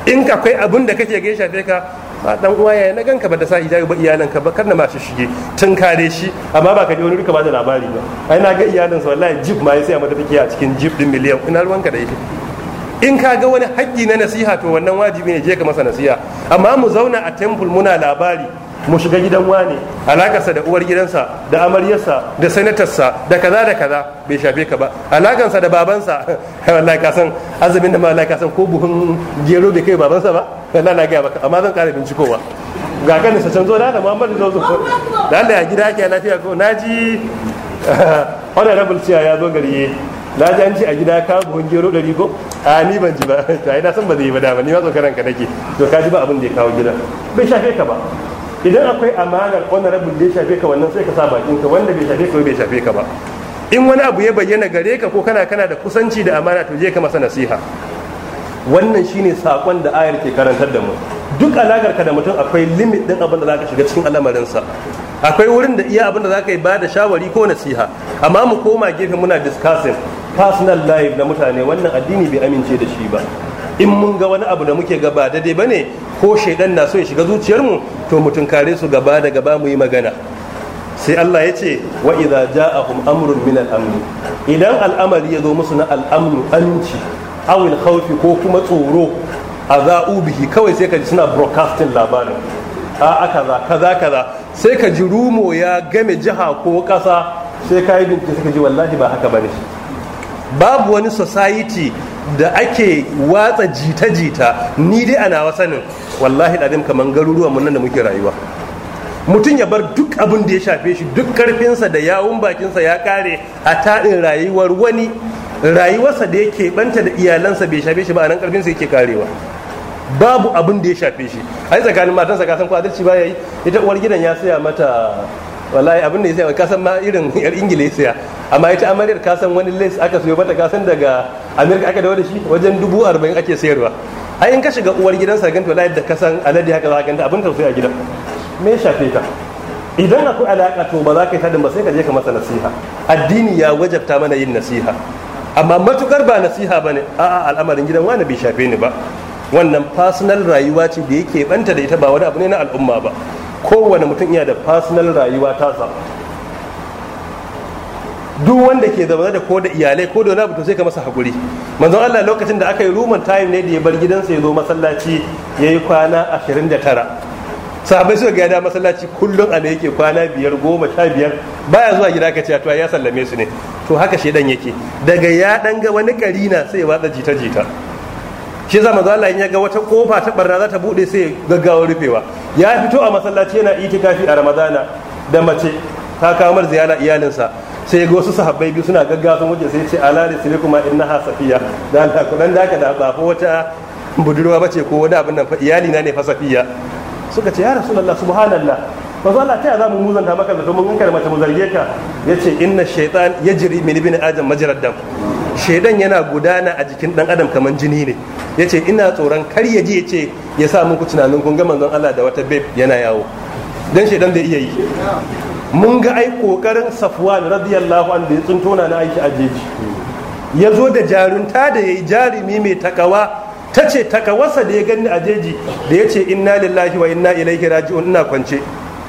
in ka kai abin da kake ga ya shafe ka a dan uwa yaya na ganka ba da sa hijabi ba iyalanka ba kar na masu shige tun kare shi amma ba ka wani duka ba da labari ba ai na ga sa wallahi jeep ma ya sai mata take a cikin jeep din miliyan ina ruwan ka da ita in ka ga wani haƙƙi na nasiha to wannan wajibi ne je ka masa nasiha amma mu zauna a temple muna labari mu shiga gidan wane alakarsa da uwar gidansa da amaryarsa da sanatarsa da kaza da kaza bai shafe ka ba alakarsa da babansa wallahi ka san azumin da ma wallahi ka san ko buhun gero bai kai babansa ba wallahi na ga baka amma zan kara bincikowa ga kan sa can zo da Muhammadu zo zo da Allah ya gida ke lafiya ko naji rabul ciya ya zo gari na ji an ji a gida ka buhun gero ɗari ko a ni ban ji ba to ai na san ba zai yi ba da ba ni ma tsokaran ka nake to ka ji ba abin da ya kawo gida bai shafe ka ba idan akwai amanar honorable da ya shafe ka wannan sai ka sa bakin ka wanda bai shafe ka bai shafe ka ba in wani abu ya bayyana gare ka ko kana kana da kusanci da amana to je ka masa nasiha wannan shine sakon da ayar ke karantar da mu duk alakar ka da mutum akwai limit din abin da zaka shiga cikin al'amarinsa akwai wurin da iya abin da zaka yi ba da shawari ko nasiha amma mu koma gefe muna discussing personal life na mutane wannan addini bai amince da shi ba in mun ga wani abu da muke gaba daidai bane ko shaidan na so ya shiga zuciyarmu to mu tunkare su gaba da gaba mu yi magana sai Allah ya ce wa idza ja'ahum amrun min al-amn idan al'amari ya zo musu na al'amnu aminci aw al ko kuma tsoro azau bihi kawai sai ka ji suna broadcasting labarin a kaza kaza kaza sai ka ji rumo ya game jiha ko kasa sai ka yi bincike suka ji wallahi ba haka bane babu wani society da ake watsa jita-jita ni dai ana wasanin wallahi ɗazim kamar garuruwa mun nan da muke rayuwa mutum ya bar duk abin da ya shafe shi duk karfinsa da yawun bakinsa ya kare a taɗin rayuwar wani rayuwarsa da yake banta da iyalansa bai shafe shi ba a nan karfinsa yake karewa babu abin da ya shafe shi ai tsakanin matansa kasan kwadarci ba ya yi. ita uwar gidan ya saya mata wallahi abin da ya sai kasan ma irin yar ingilisiya amma ita amaryar kasan wani lace aka siyo mata kasan daga america aka dawo da shi wajen dubu arba'in ake sayarwa ai in ka shiga uwar gidan sarganta wallahi da kasan alade haka za ka ganta abin tausayi a gidan me shafe ka idan akwai alaƙa to ba za ka yi tadin ba sai ka je ka masa nasiha addini ya wajabta mana yin nasiha amma matukar ba nasiha ba ne a'a al'amarin gidan wani bai shafe ni ba wannan personal rayuwa ce da yake banta da ita ba wani abu ne na al'umma ba kowane mutum iya da personal rayuwa tasa duk wanda ke zaune da ko da iyalai ko da wani sai ka masa haƙuri manzon Allah lokacin da aka yi ruman time ne da ya bar gidansa ya zo masallaci ya yi kwana 29 sahabai suka gada masallaci kullum a ne yake kwana biyar goma sha biyar baya zuwa gida ka ce ya sallame su ne to haka shedan yake daga ya dan wani ƙarina sai ya watsa jita jita shi za manzo Allah in ya ga wata kofa ta barna za ta bude sai gaggawa rufewa ya fito a masallaci yana itikafi a Ramadana da mace ta mar ziyara iyalinsa sai ga wasu sahabbai biyu suna gaggawa sun wuce sai ce ala da sile kuma innaha safiya da Allah ku dan daka da ba wata budurwa bace ko wani abin nan fa iyali na ne fa safiya suka ce ya rasulullah subhanallah manzo Allah ta za mu muzanta maka to mun kankar mace mu zarge ka yace inna shaytan yajri min ibn adam majrad dam shaidan yana gudana a jikin dan adam kamar jini ne ya ce ina tsoron kar ya ya ce ya sa muku tunanin kun ga manzon Allah da wata babe yana yawo dan shaidan da iya yi mun ga ai kokarin safwan radiyallahu an da ya tsuntona na aiki ajeji ya zo da jarunta da ya yi jarumi mai takawa ta ce takawarsa da ya gani a jeji da ya ce inna lillahi wa inna ilaihi raji'un ina kwance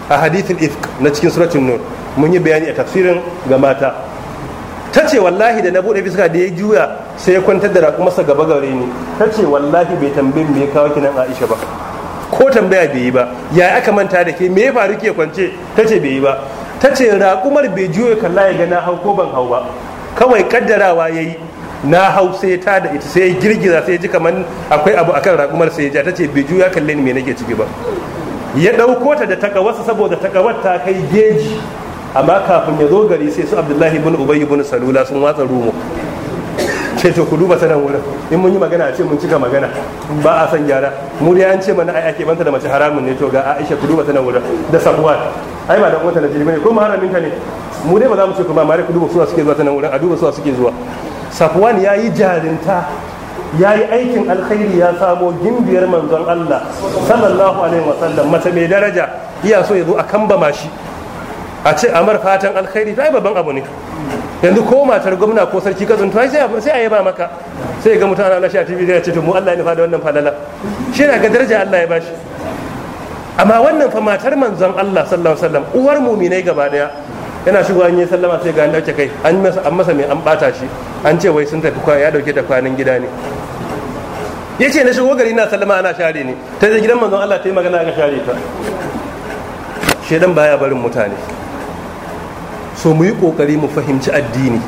a hadithin ifk na cikin suratun nur mun yi bayani a tafsirin ga mata ta ce wallahi da na bude fiska da ya juya sai ya kwantar da raƙumarsa gaba gare ni ta ce wallahi bai tambaye me kawo ki nan Aisha ba ko tambaya bai yi ba ya aka manta da ke me ya faru ke kwance ta ce bai yi ba ta ce raƙumar bai juya kalla ya ga na hau ko ban hau ba kawai kaddarawa ya yi na hau sai ta da ita sai girgiza sai ji kamar akwai abu akan raƙumar sai ja ta bai juya kalle ni me nake ciki ba ya ɗauko ta da takawarsa saboda takawar ta kai geji amma kafin ya zo gari sai su abdullahi bin ubay bin salula sun watsa rumo ce to ku duba sanan wurin in mun yi magana a ce mun cika magana ba a san gyara mu dai an ce mana ai ake banta da mace haramun ne to ga Aisha ku duba sanan wurin da Safwan ai ba da uwanta da jini ko maharamin ka ne mu dai ba za mu ce ku ba mare ku duba suwa suke zuwa sanan wurin a duba suwa suke zuwa Safwan yayi jarinta ya yi aikin alkhairi ya samo gimbiyar manzon Allah sallallahu alaihi wasallam mace mai daraja iya so ya zo a kamba shi a ce amar fatan alkhairi ta babban abu ne yanzu ko matar gwamna ko sarki kazan tuwa sai a yi ba maka sai ga mutane na a tv zai ce to mu Allah ya nufa da wannan falala shi na ga daraja Allah ya bashi amma wannan fa matar manzon Allah sallallahu alaihi wasallam uwar muminai gaba daya yana shigo an yi sallama sai ga an dauke kai an masa mai an bata shi an ce wai sun tafi kwa ya dauke ta kwanan gida ne ce na shigo gari na sallama ana share ne ta je gidan manzon Allah ta yi magana ga share ta shedan baya barin mutane so mu yi kokari mu fahimci addini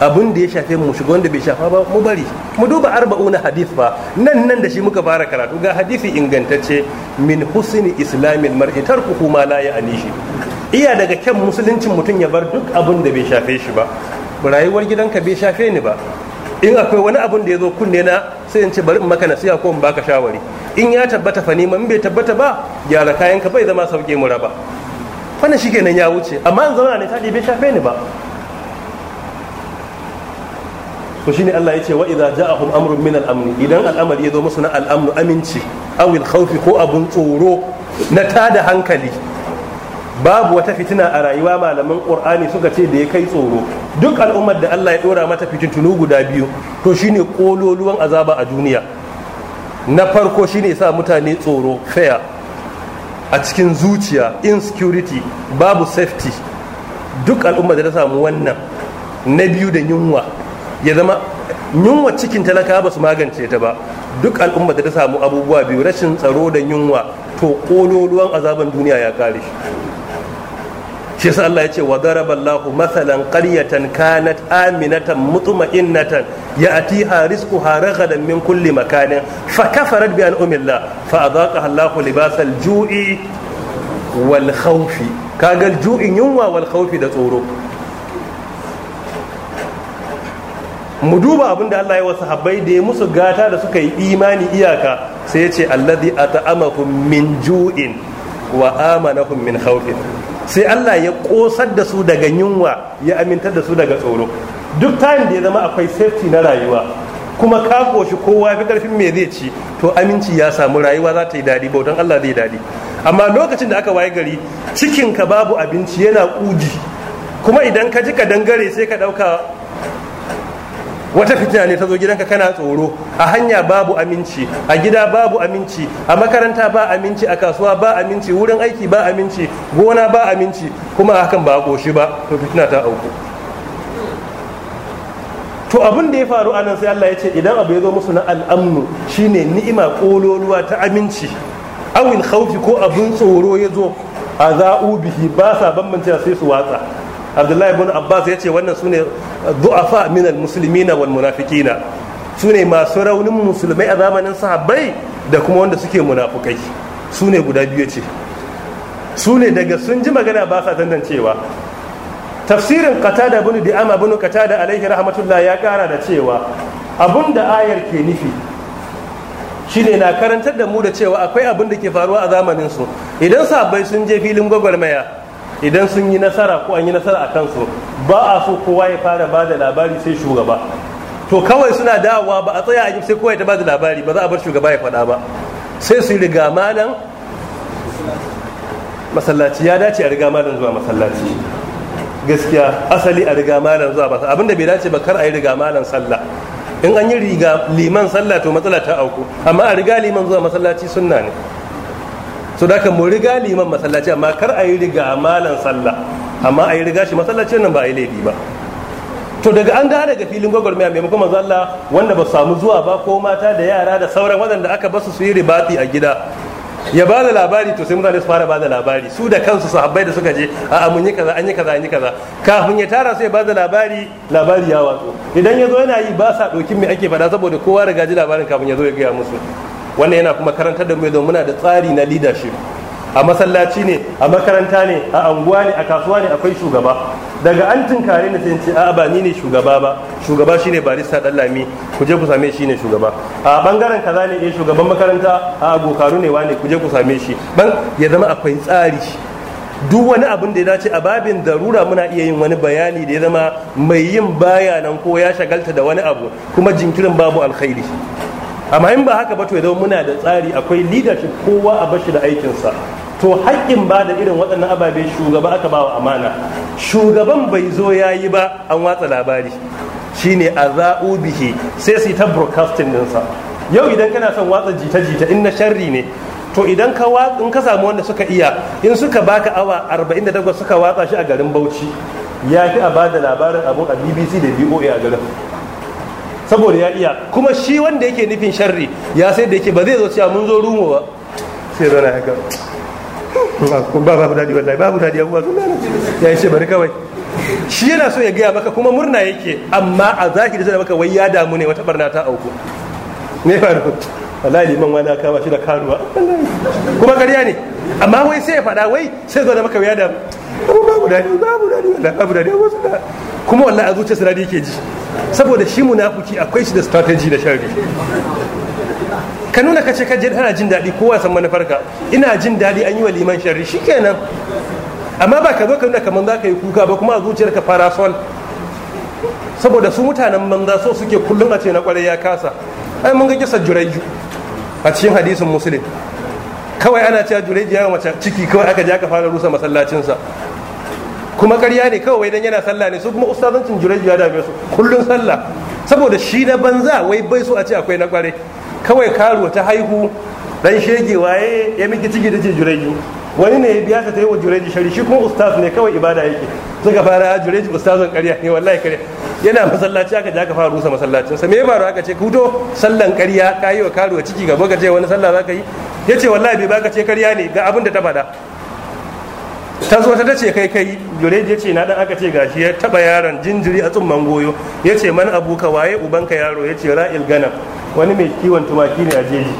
abin da ya shafe mu shiga wanda bai shafa ba mu bari mu duba arba'una hadith ba nan nan da shi muka fara karatu ga hadisi ingantacce min husni islamin mar'i tarkuhu ma la ya'nishi iya daga kyan musuluncin mutum ya bar duk abin da bai shafe shi ba rayuwar gidanka bai shafe ni ba in akwai wani abun da ya zo kunne na sai in ce bari in maka nasiha ko in baka shawari in ya tabbata fa ni neman bai tabbata ba gyara kayanka bai zama sauke mu raba wannan shi kenan ya wuce amma in zauna ne ta ɗibe shafe ne ba to shine Allah ya ce wa idza ja'ahum amrun min al-amn idan al'amari ya zo musu na al-amn aminci aw al khawf ko abun tsoro na tada hankali babu wata fitina a rayuwa malaman qur'ani suka ce da ya kai tsoro duk al'ummar da Allah ya dora mata fitintunu guda biyu to shine kololuwan azaba a duniya na farko shine sa mutane tsoro fair a cikin zuciya insecurity babu safety duk al'umma da ta samu wannan na biyu da yunwa ya zama yunwa cikin talaka ba su magance ta ba duk al'umma da ta samu abubuwa biyu rashin tsaro da yunwa to kololuwan azaban duniya ya kare shi shi yasa Allah ya ce wa daraba Allah mathalan qaryatan kanat aminatan mutma'innatan yati rizquha haragadan min kulli makanin fa kafarat bi umilla fa adaqaha Allah libasal ju'i wal khawfi kaga ju'in yunwa wal khawfi da tsoro mu duba abin da Allah ya wasu habbai da ya musu gata da suka yi imani iyaka sai ya ce allazi ata'amakum min ju'in wa amanakum min khawfin sai Allah ya ƙosar da su daga yunwa ya amintar da su daga tsoro duk time da ya zama akwai safety na rayuwa kuma ka koshi kowa fi karfin me zai ci to aminci ya samu rayuwa za ta yi daɗi bautan Allah zai daɗi amma lokacin da aka waye gari cikin ka babu abinci yana kuji kuma idan ka ji ka dangare sai ka ɗauka wata fitina ne ta zo gidanka kana tsoro a hanya babu aminci a gida babu aminci a makaranta ba aminci a kasuwa ba aminci wurin aiki ba aminci gona ba aminci kuma a hakan ba a koshi ba to fitina ta auku to abin da ya faru anan sai Allah ya ce idan abu ya zo musu na al'amnu shine ni'ima kololuwa ta aminci awin khawfi ko abin tsoro ya zo a za'u bihi ba sa bambance sai su watsa abdullahi ibn abbas ya ce wannan sune du'afa min almuslimina wal munafiqina sune masu raunin musulmai a zamanin sahabbai da kuma wanda suke munafukai sune guda biyu ce sune daga sun ji magana ba sa cewa. tafsirin qatada ibn di'ama ibn qatada alaihi rahmatullah ya kara da cewa abunda ayar ke nufi shine na karantar da mu da cewa akwai abin da ke faruwa a zamanin su idan sahabbai sun je filin gwagwarmaya idan sun yi nasara ko an yi nasara a kansu ba a so kowa ya fara ba da labari sai shugaba to kawai suna dawowa ba a tsaya a sai kowa ya ta ba da labari ba za a bar shugaba ya faɗa ba sai su riga malan masallaci ya dace a riga malan zuwa masallaci gaskiya asali a riga malan zuwa masallaci abinda bai dace ba kar a yi riga malan sallah in an yi riga liman sallah to matsala ta auku amma a riga liman zuwa masallaci sunna ne so da mu riga liman masallaci amma kar a yi riga malan sallah amma a yi riga shi masallacin nan ba a yi laifi ba to daga an gane daga filin gwagwarmaya amma kuma Allah wanda ba samu zuwa ba ko mata da yara da sauran wadanda aka ba su yi ribati a gida ya ba da labari to sai mutane su fara ba da labari su da kansu sahabbai da suka je a mun yi kaza an yi kaza an yi kaza kafin ya tara su ya ba da labari labari ya watsu idan ya zo yana yi ba sa dokin me ake faɗa saboda kowa riga ji labarin kafin ya zo ya gaya musu wannan yana kuma karantar da mu yadda da tsari na leadership a masallaci ne a makaranta ne a anguwa ne a kasuwa ne akwai shugaba daga an kare ni sai ce a'a ba ni ne shugaba ba shugaba shine barista dan lami ku je ku same shi ne shugaba a bangaren kaza ne eh shugaban makaranta a gokaru ne wane ku je ku same shi ban ya zama akwai tsari duk wani abin da ya dace a babin darura muna iya yin wani bayani da ya zama mai yin baya nan ko ya shagalta da wani abu kuma jinkirin babu alkhairi amma in ba haka ba to idan muna da tsari akwai leadership kowa a bashi da aikinsa to haƙƙin ba da irin waɗannan ababe shugaba aka ba wa amana shugaban bai zo ya yi ba an watsa labari shine a za'u bihi sai su ta broadcasting ɗinsa yau idan kana son watsa jita-jita in na sharri ne to idan ka in ka samu wanda suka iya in suka baka awa 48 suka watsa shi a garin bauchi ya fi a ba da labarin abun a bbc da boa a garin saboda ya iya kuma shi wanda yake nufin sharri ya sai da yake ba zai zo cewa mun zo rumo ba sai zo na haka hmm, ba babu dadi wallahi babu dadi ya yi ce bari kawai shi yana so ya gaya maka kuma murna yake amma a zahiri zai maka wai ya damu ne wata barna ta auku ne faru wallahi liman wani kama shi da karuwa kuma ƙarya ne amma wai sai ya faɗa wai sai zo da maka ya damu babu dadi babu dadi wallahi kuma wallahi a zuciyarsa dadi yake ji saboda shi munafiki akwai shi da strategy da sharri ka nuna ka ce ka je ana jin daɗi kowa san manufarka ina jin daɗi an yi wa liman sharri shikenan amma ba ka zo ka nuna kamar za ka yi kuka ba kuma a zuciyarka parasol saboda su mutanen manza so suke kullum a ce na kwarai ya kasa ai mun ga kisa juraiju a cikin hadisin muslim kawai ana cewa juraiju ya mace ciki kawai aka ji aka fara rusa masallacinsa kuma ƙarya ne kawai dan yana sallah ne su kuma ustazancin jureji ya dame su kullun sallah saboda shi na banza wai bai so a ce akwai na kware kawai karuwa ta haihu dan shege waye ya miki ciki da ce jureji wani ne ya biya ta ta yi wa jureji shari shi kuma ustaz ne kawai ibada yake suka fara ah, jureji ustazan ƙarya ne wallahi ƙarya yana masallaci aka ja ka fara rusa masallacin sa me ya faru aka ce ku to sallan ƙarya ka yi wa karuwa ciki gaba ka ce wani sallah za ka yi ya ce wallahi bai baka ce ƙarya ne ga abin da ta faɗa ta zo ta ce kai kai Jureji ya ce na dan aka ce gashi ya taba yaron jinjiri a tsumman goyo ya ce man abuka waye ubanka yaro ya ce ra'il ganam wani mai kiwon tumaki ne a jeji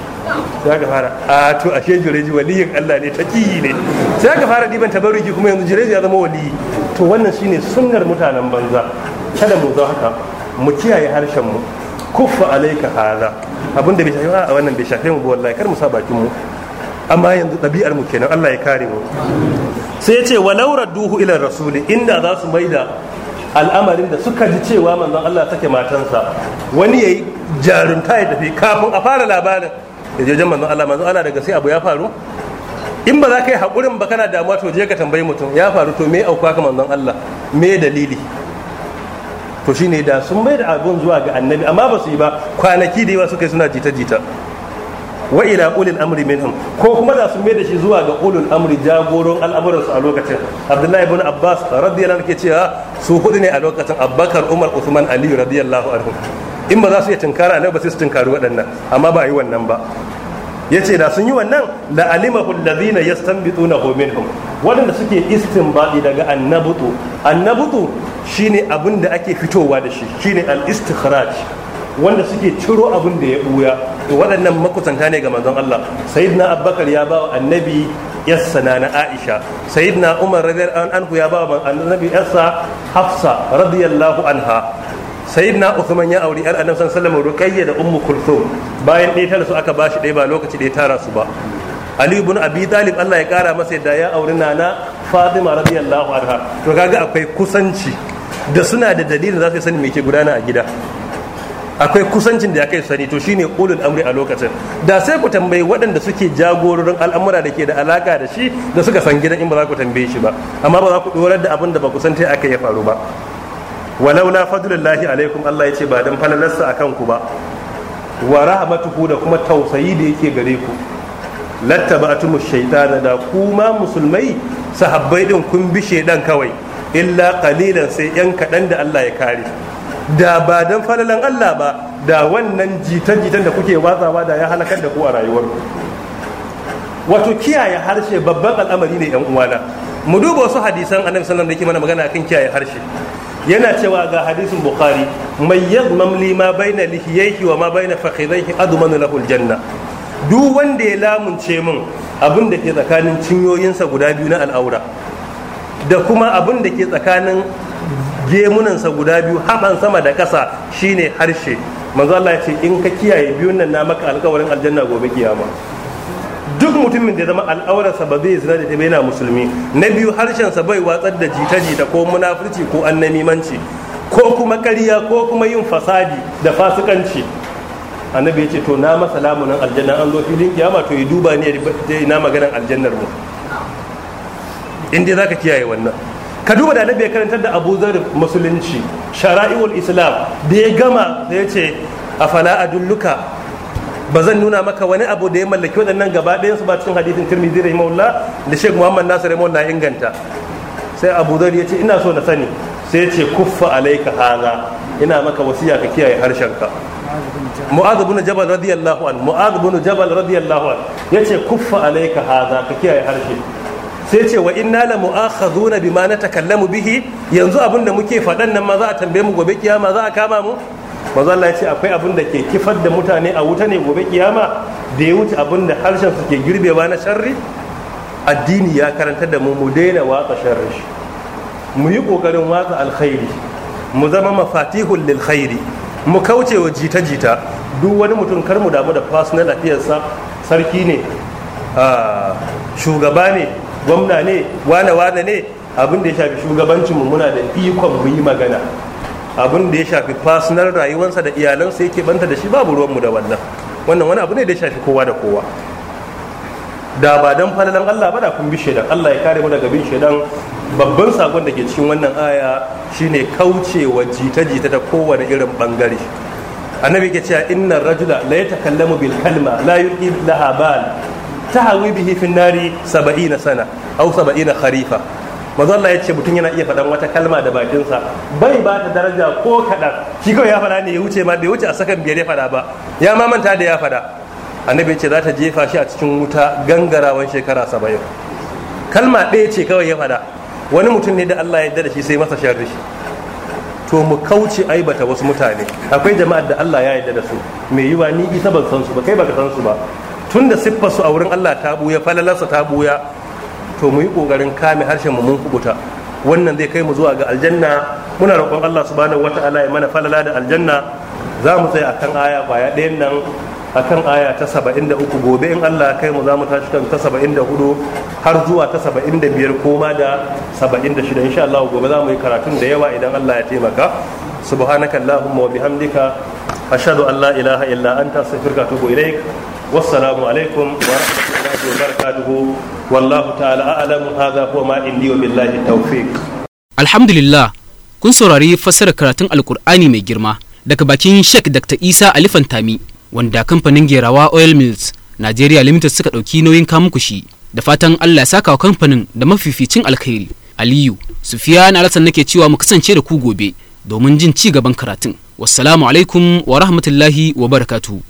sai aka fara a to a ce jureji waliyin Allah ne ta kiyi ne sai aka fara diban tabarruki kuma yanzu jureji ya zama waliyi to wannan shine sunnar mutanen banza kada mu zo haka mu kiyaye harshen mu kuffa alaika hada abinda bai shafi a wannan bai shafe mu ba wallahi kar mu sa bakin mu amma yanzu ɗabi'ar mu kenan Allah ya kare mu sai ya ce wa laura duhu ila rasuli inda za su mai da al'amarin da suka ji cewa manzon Allah take matansa wani yayi jarunta ya tafi kafin a fara labarin ya je manzon Allah manzon Allah daga sai abu ya faru in ba za ka yi haƙurin ba kana damuwa to je ka tambayi mutum ya faru to me auka ka manzon Allah me dalili to shine da sun mai da abun zuwa ga annabi amma ba su yi ba kwanaki da yawa suka yi suna jita-jita wa ila ulil amri minhum ko kuma za su mai da shi zuwa ga ulul amri jagoron al'amuran su a lokacin abdullahi ibn abbas radiyallahu anhu cewa su hudu ne a lokacin abbakar umar usman ali radiyallahu anhu in ba za su yi tunkara ne ba sai su tunkari waɗannan amma ba yi wannan ba yace da sun yi wannan la alimahu alladhina yastanbitunahu minhum wadanda suke istinbadi daga annabutu annabutu shine abin da ake fitowa da shi shine al-istikhraj wanda suke ciro abin da ya buya to waɗannan makusanta ne ga manzon Allah sayyidina Abubakar ya ba wa annabi yassa na Aisha sayyidina Umar radiyallahu anhu ya wa annabi yassa Hafsa radiyallahu anha sayyidina Uthman ya auri yar annabi sallallahu alaihi wasallam rukayya da Ummu Kulthum bayan ɗaya tara su aka bashi dai ba lokaci dai tara su ba Ali ibn Abi Talib Allah ya kara masa yadda ya auri nana Fatima radiyallahu anha to kaga akwai kusanci da suna da dalilin za su sani me ke gudana a gida akwai kusancin da ya kai sani to shine ulul amri a lokacin da sai ku tambayi waɗanda suke jagororin al'amura da ke da alaka da shi da suka san gidan in ba za ku tambaye shi ba amma ba za ku dorar da abin da ba ku san ta aka ya faru ba walaula fadlullahi alaikum Allah ya ce ba dan falalarsa akan ku ba wa rahmatuhu da kuma tausayi da yake gare ku lattaba'tumu shaytana da kuma musulmai sahabbai din kun bi shedan kawai illa qalilan sai yan kadan da Allah ya kare da ba dan falalan Allah ba da wannan jita-jitan da kuke watsawa da ya halakar da ku a rayuwarku wato kiyaye harshe babban al'amari ne yan uwana mu duba wasu hadisan annabi sallallahu alaihi wasallam da yake mana magana kan kiyaye harshe yana cewa ga hadisin bukhari mai yazmam li ma baina lihiyaihi wa ma baina fakhidaihi adman lahu aljanna duk wanda ya lamunce min abin da ke tsakanin cinyoyinsa guda biyu na al'aura da kuma abin da ke tsakanin gemunansa guda biyu haɓan sama da ƙasa shine harshe manzo Allah ya ce in ka kiyaye biyun nan na maka alƙawarin aljanna gobe kiyama duk mutumin da zama al'aurarsa ba zai zina da ta yana musulmi na biyu harshen sa bai watsar da jita-jita ko munafurci ko annamimanci ko kuma ƙarya ko kuma yin fasadi da fasikanci annabi ya ce to na masa lamunan aljanna an zo filin kiyama to ya duba ne na ina maganar aljannar mu in dai zaka kiyaye wannan ka duba da annabi ya karantar da Abu Zar musulunci shara'iul islam da ya gama da ya ce afala adulluka ba zan nuna maka wani abu da ya mallaki waɗannan gaba ɗayan su ba cikin hadithin tirmidhi rahimahullah da sheikh muhammad nasir rahimahullah inganta sai abu Zar ya ce ina so na sani sai ce kuffa alaika haza ina maka wasiya ka kiyaye harshenka mu'adh ibn jabal radiyallahu an mu'adh ibn jabal radiyallahu an yace kuffa alayka haza ka kiyaye harshe sai ce wa inna la mu'akhadhuna bima natakallamu bihi yanzu abin da muke faɗan nan ma za a tambaye mu gobe kiyama za a kama mu manzo Allah ya ce akwai abin da ke kifar da mutane a wuta ne gobe kiyama da ya wuce abin da harshen suke girbewa na sharri addini ya karanta da mu mu daina watsa sharri mu yi kokarin watsa alkhairi mu zama mafatihul lil mu kauce wa jita jita duk wani mutum kar mu damu da personal affairs sarki ne ah, shugaba ne gwamna ne wane wane ne abin da ya shafi mu muna da ikon mu yi magana abin da ya shafi fasinar rayuwarsa da iyalansa yake banta da shi babu ruwanmu da wannan wannan wani abu ne da ya shafi kowa da kowa da ba dan falalan Allah ba da kun bi shaidan Allah ya kare mu daga bin shaidan babban sakon da ke cikin wannan aya shine kaucewa jita-jita da kowane irin bangare annabi ke cewa innar rajula la yatakallamu bil kalma la yulqi laha bal tahawi bihi fi nari 70 sana aw 70 kharifa manzo Allah ya ce mutum yana iya faɗan wata kalma da sa bai ba ta daraja ko kadan shi kawai ya faɗa ne ya wuce ma bai wuce a sakan biyar ya faɗa ba ya ma manta da ya faɗa annabi yace za ta jefa shi a cikin wuta gangarawan shekara saba'in kalma ɗaya ce kawai ya faɗa wani mutum ne da Allah ya yarda da shi sai masa sharri to mu kauce aibata wasu mutane akwai jama'ar da Allah ya yarda da su mai yiwa ni isa ban san su ba kai baka san su ba tun da siffarsu a wurin Allah ta buya falalarsa ta buya to mu yi ƙoƙarin kame harshen mu mun kubuta wannan zai kai mu zuwa ga aljanna muna roƙon Allah subhanahu wata'ala ya mana falala da aljanna za mu tsaya akan aya kwaya ɗayan nan akan aya ta saba'in da uku, gobe in Allah ya kai mu za mu tashi kan ta saba'in da hudu, har zuwa ta saba'in da biyar, ko ma da saba'in da shida insha Allah gobe za mu yi karatun da yawa idan Allah ya taimaka subhanakallahumma wa bihamdika ashhadu an la ilaha illa anta astaghfiruka wa atubu ilaik wassalamu alaikum wa rahmatullahi wa barakatuhu wallahu ta'ala a'lamu hadha huwa ma indi wa billahi tawfik. alhamdulillah kun saurari fassarar karatun alkur'ani mai girma daga bakin Sheikh Dr. Isa Alifantami wanda kamfanin Gerawa Oil Mills Nigeria Limited suka ɗauki nauyin kamuku shi da fatan Allah ya saka wa kamfanin da mafificin alkhairi Aliyu sufiya Sufiyan Alasan nake cewa mu kasance da ku gobe domin jin ci gaban karatun wassalamu alaikum wa rahmatullahi wa barakatuhu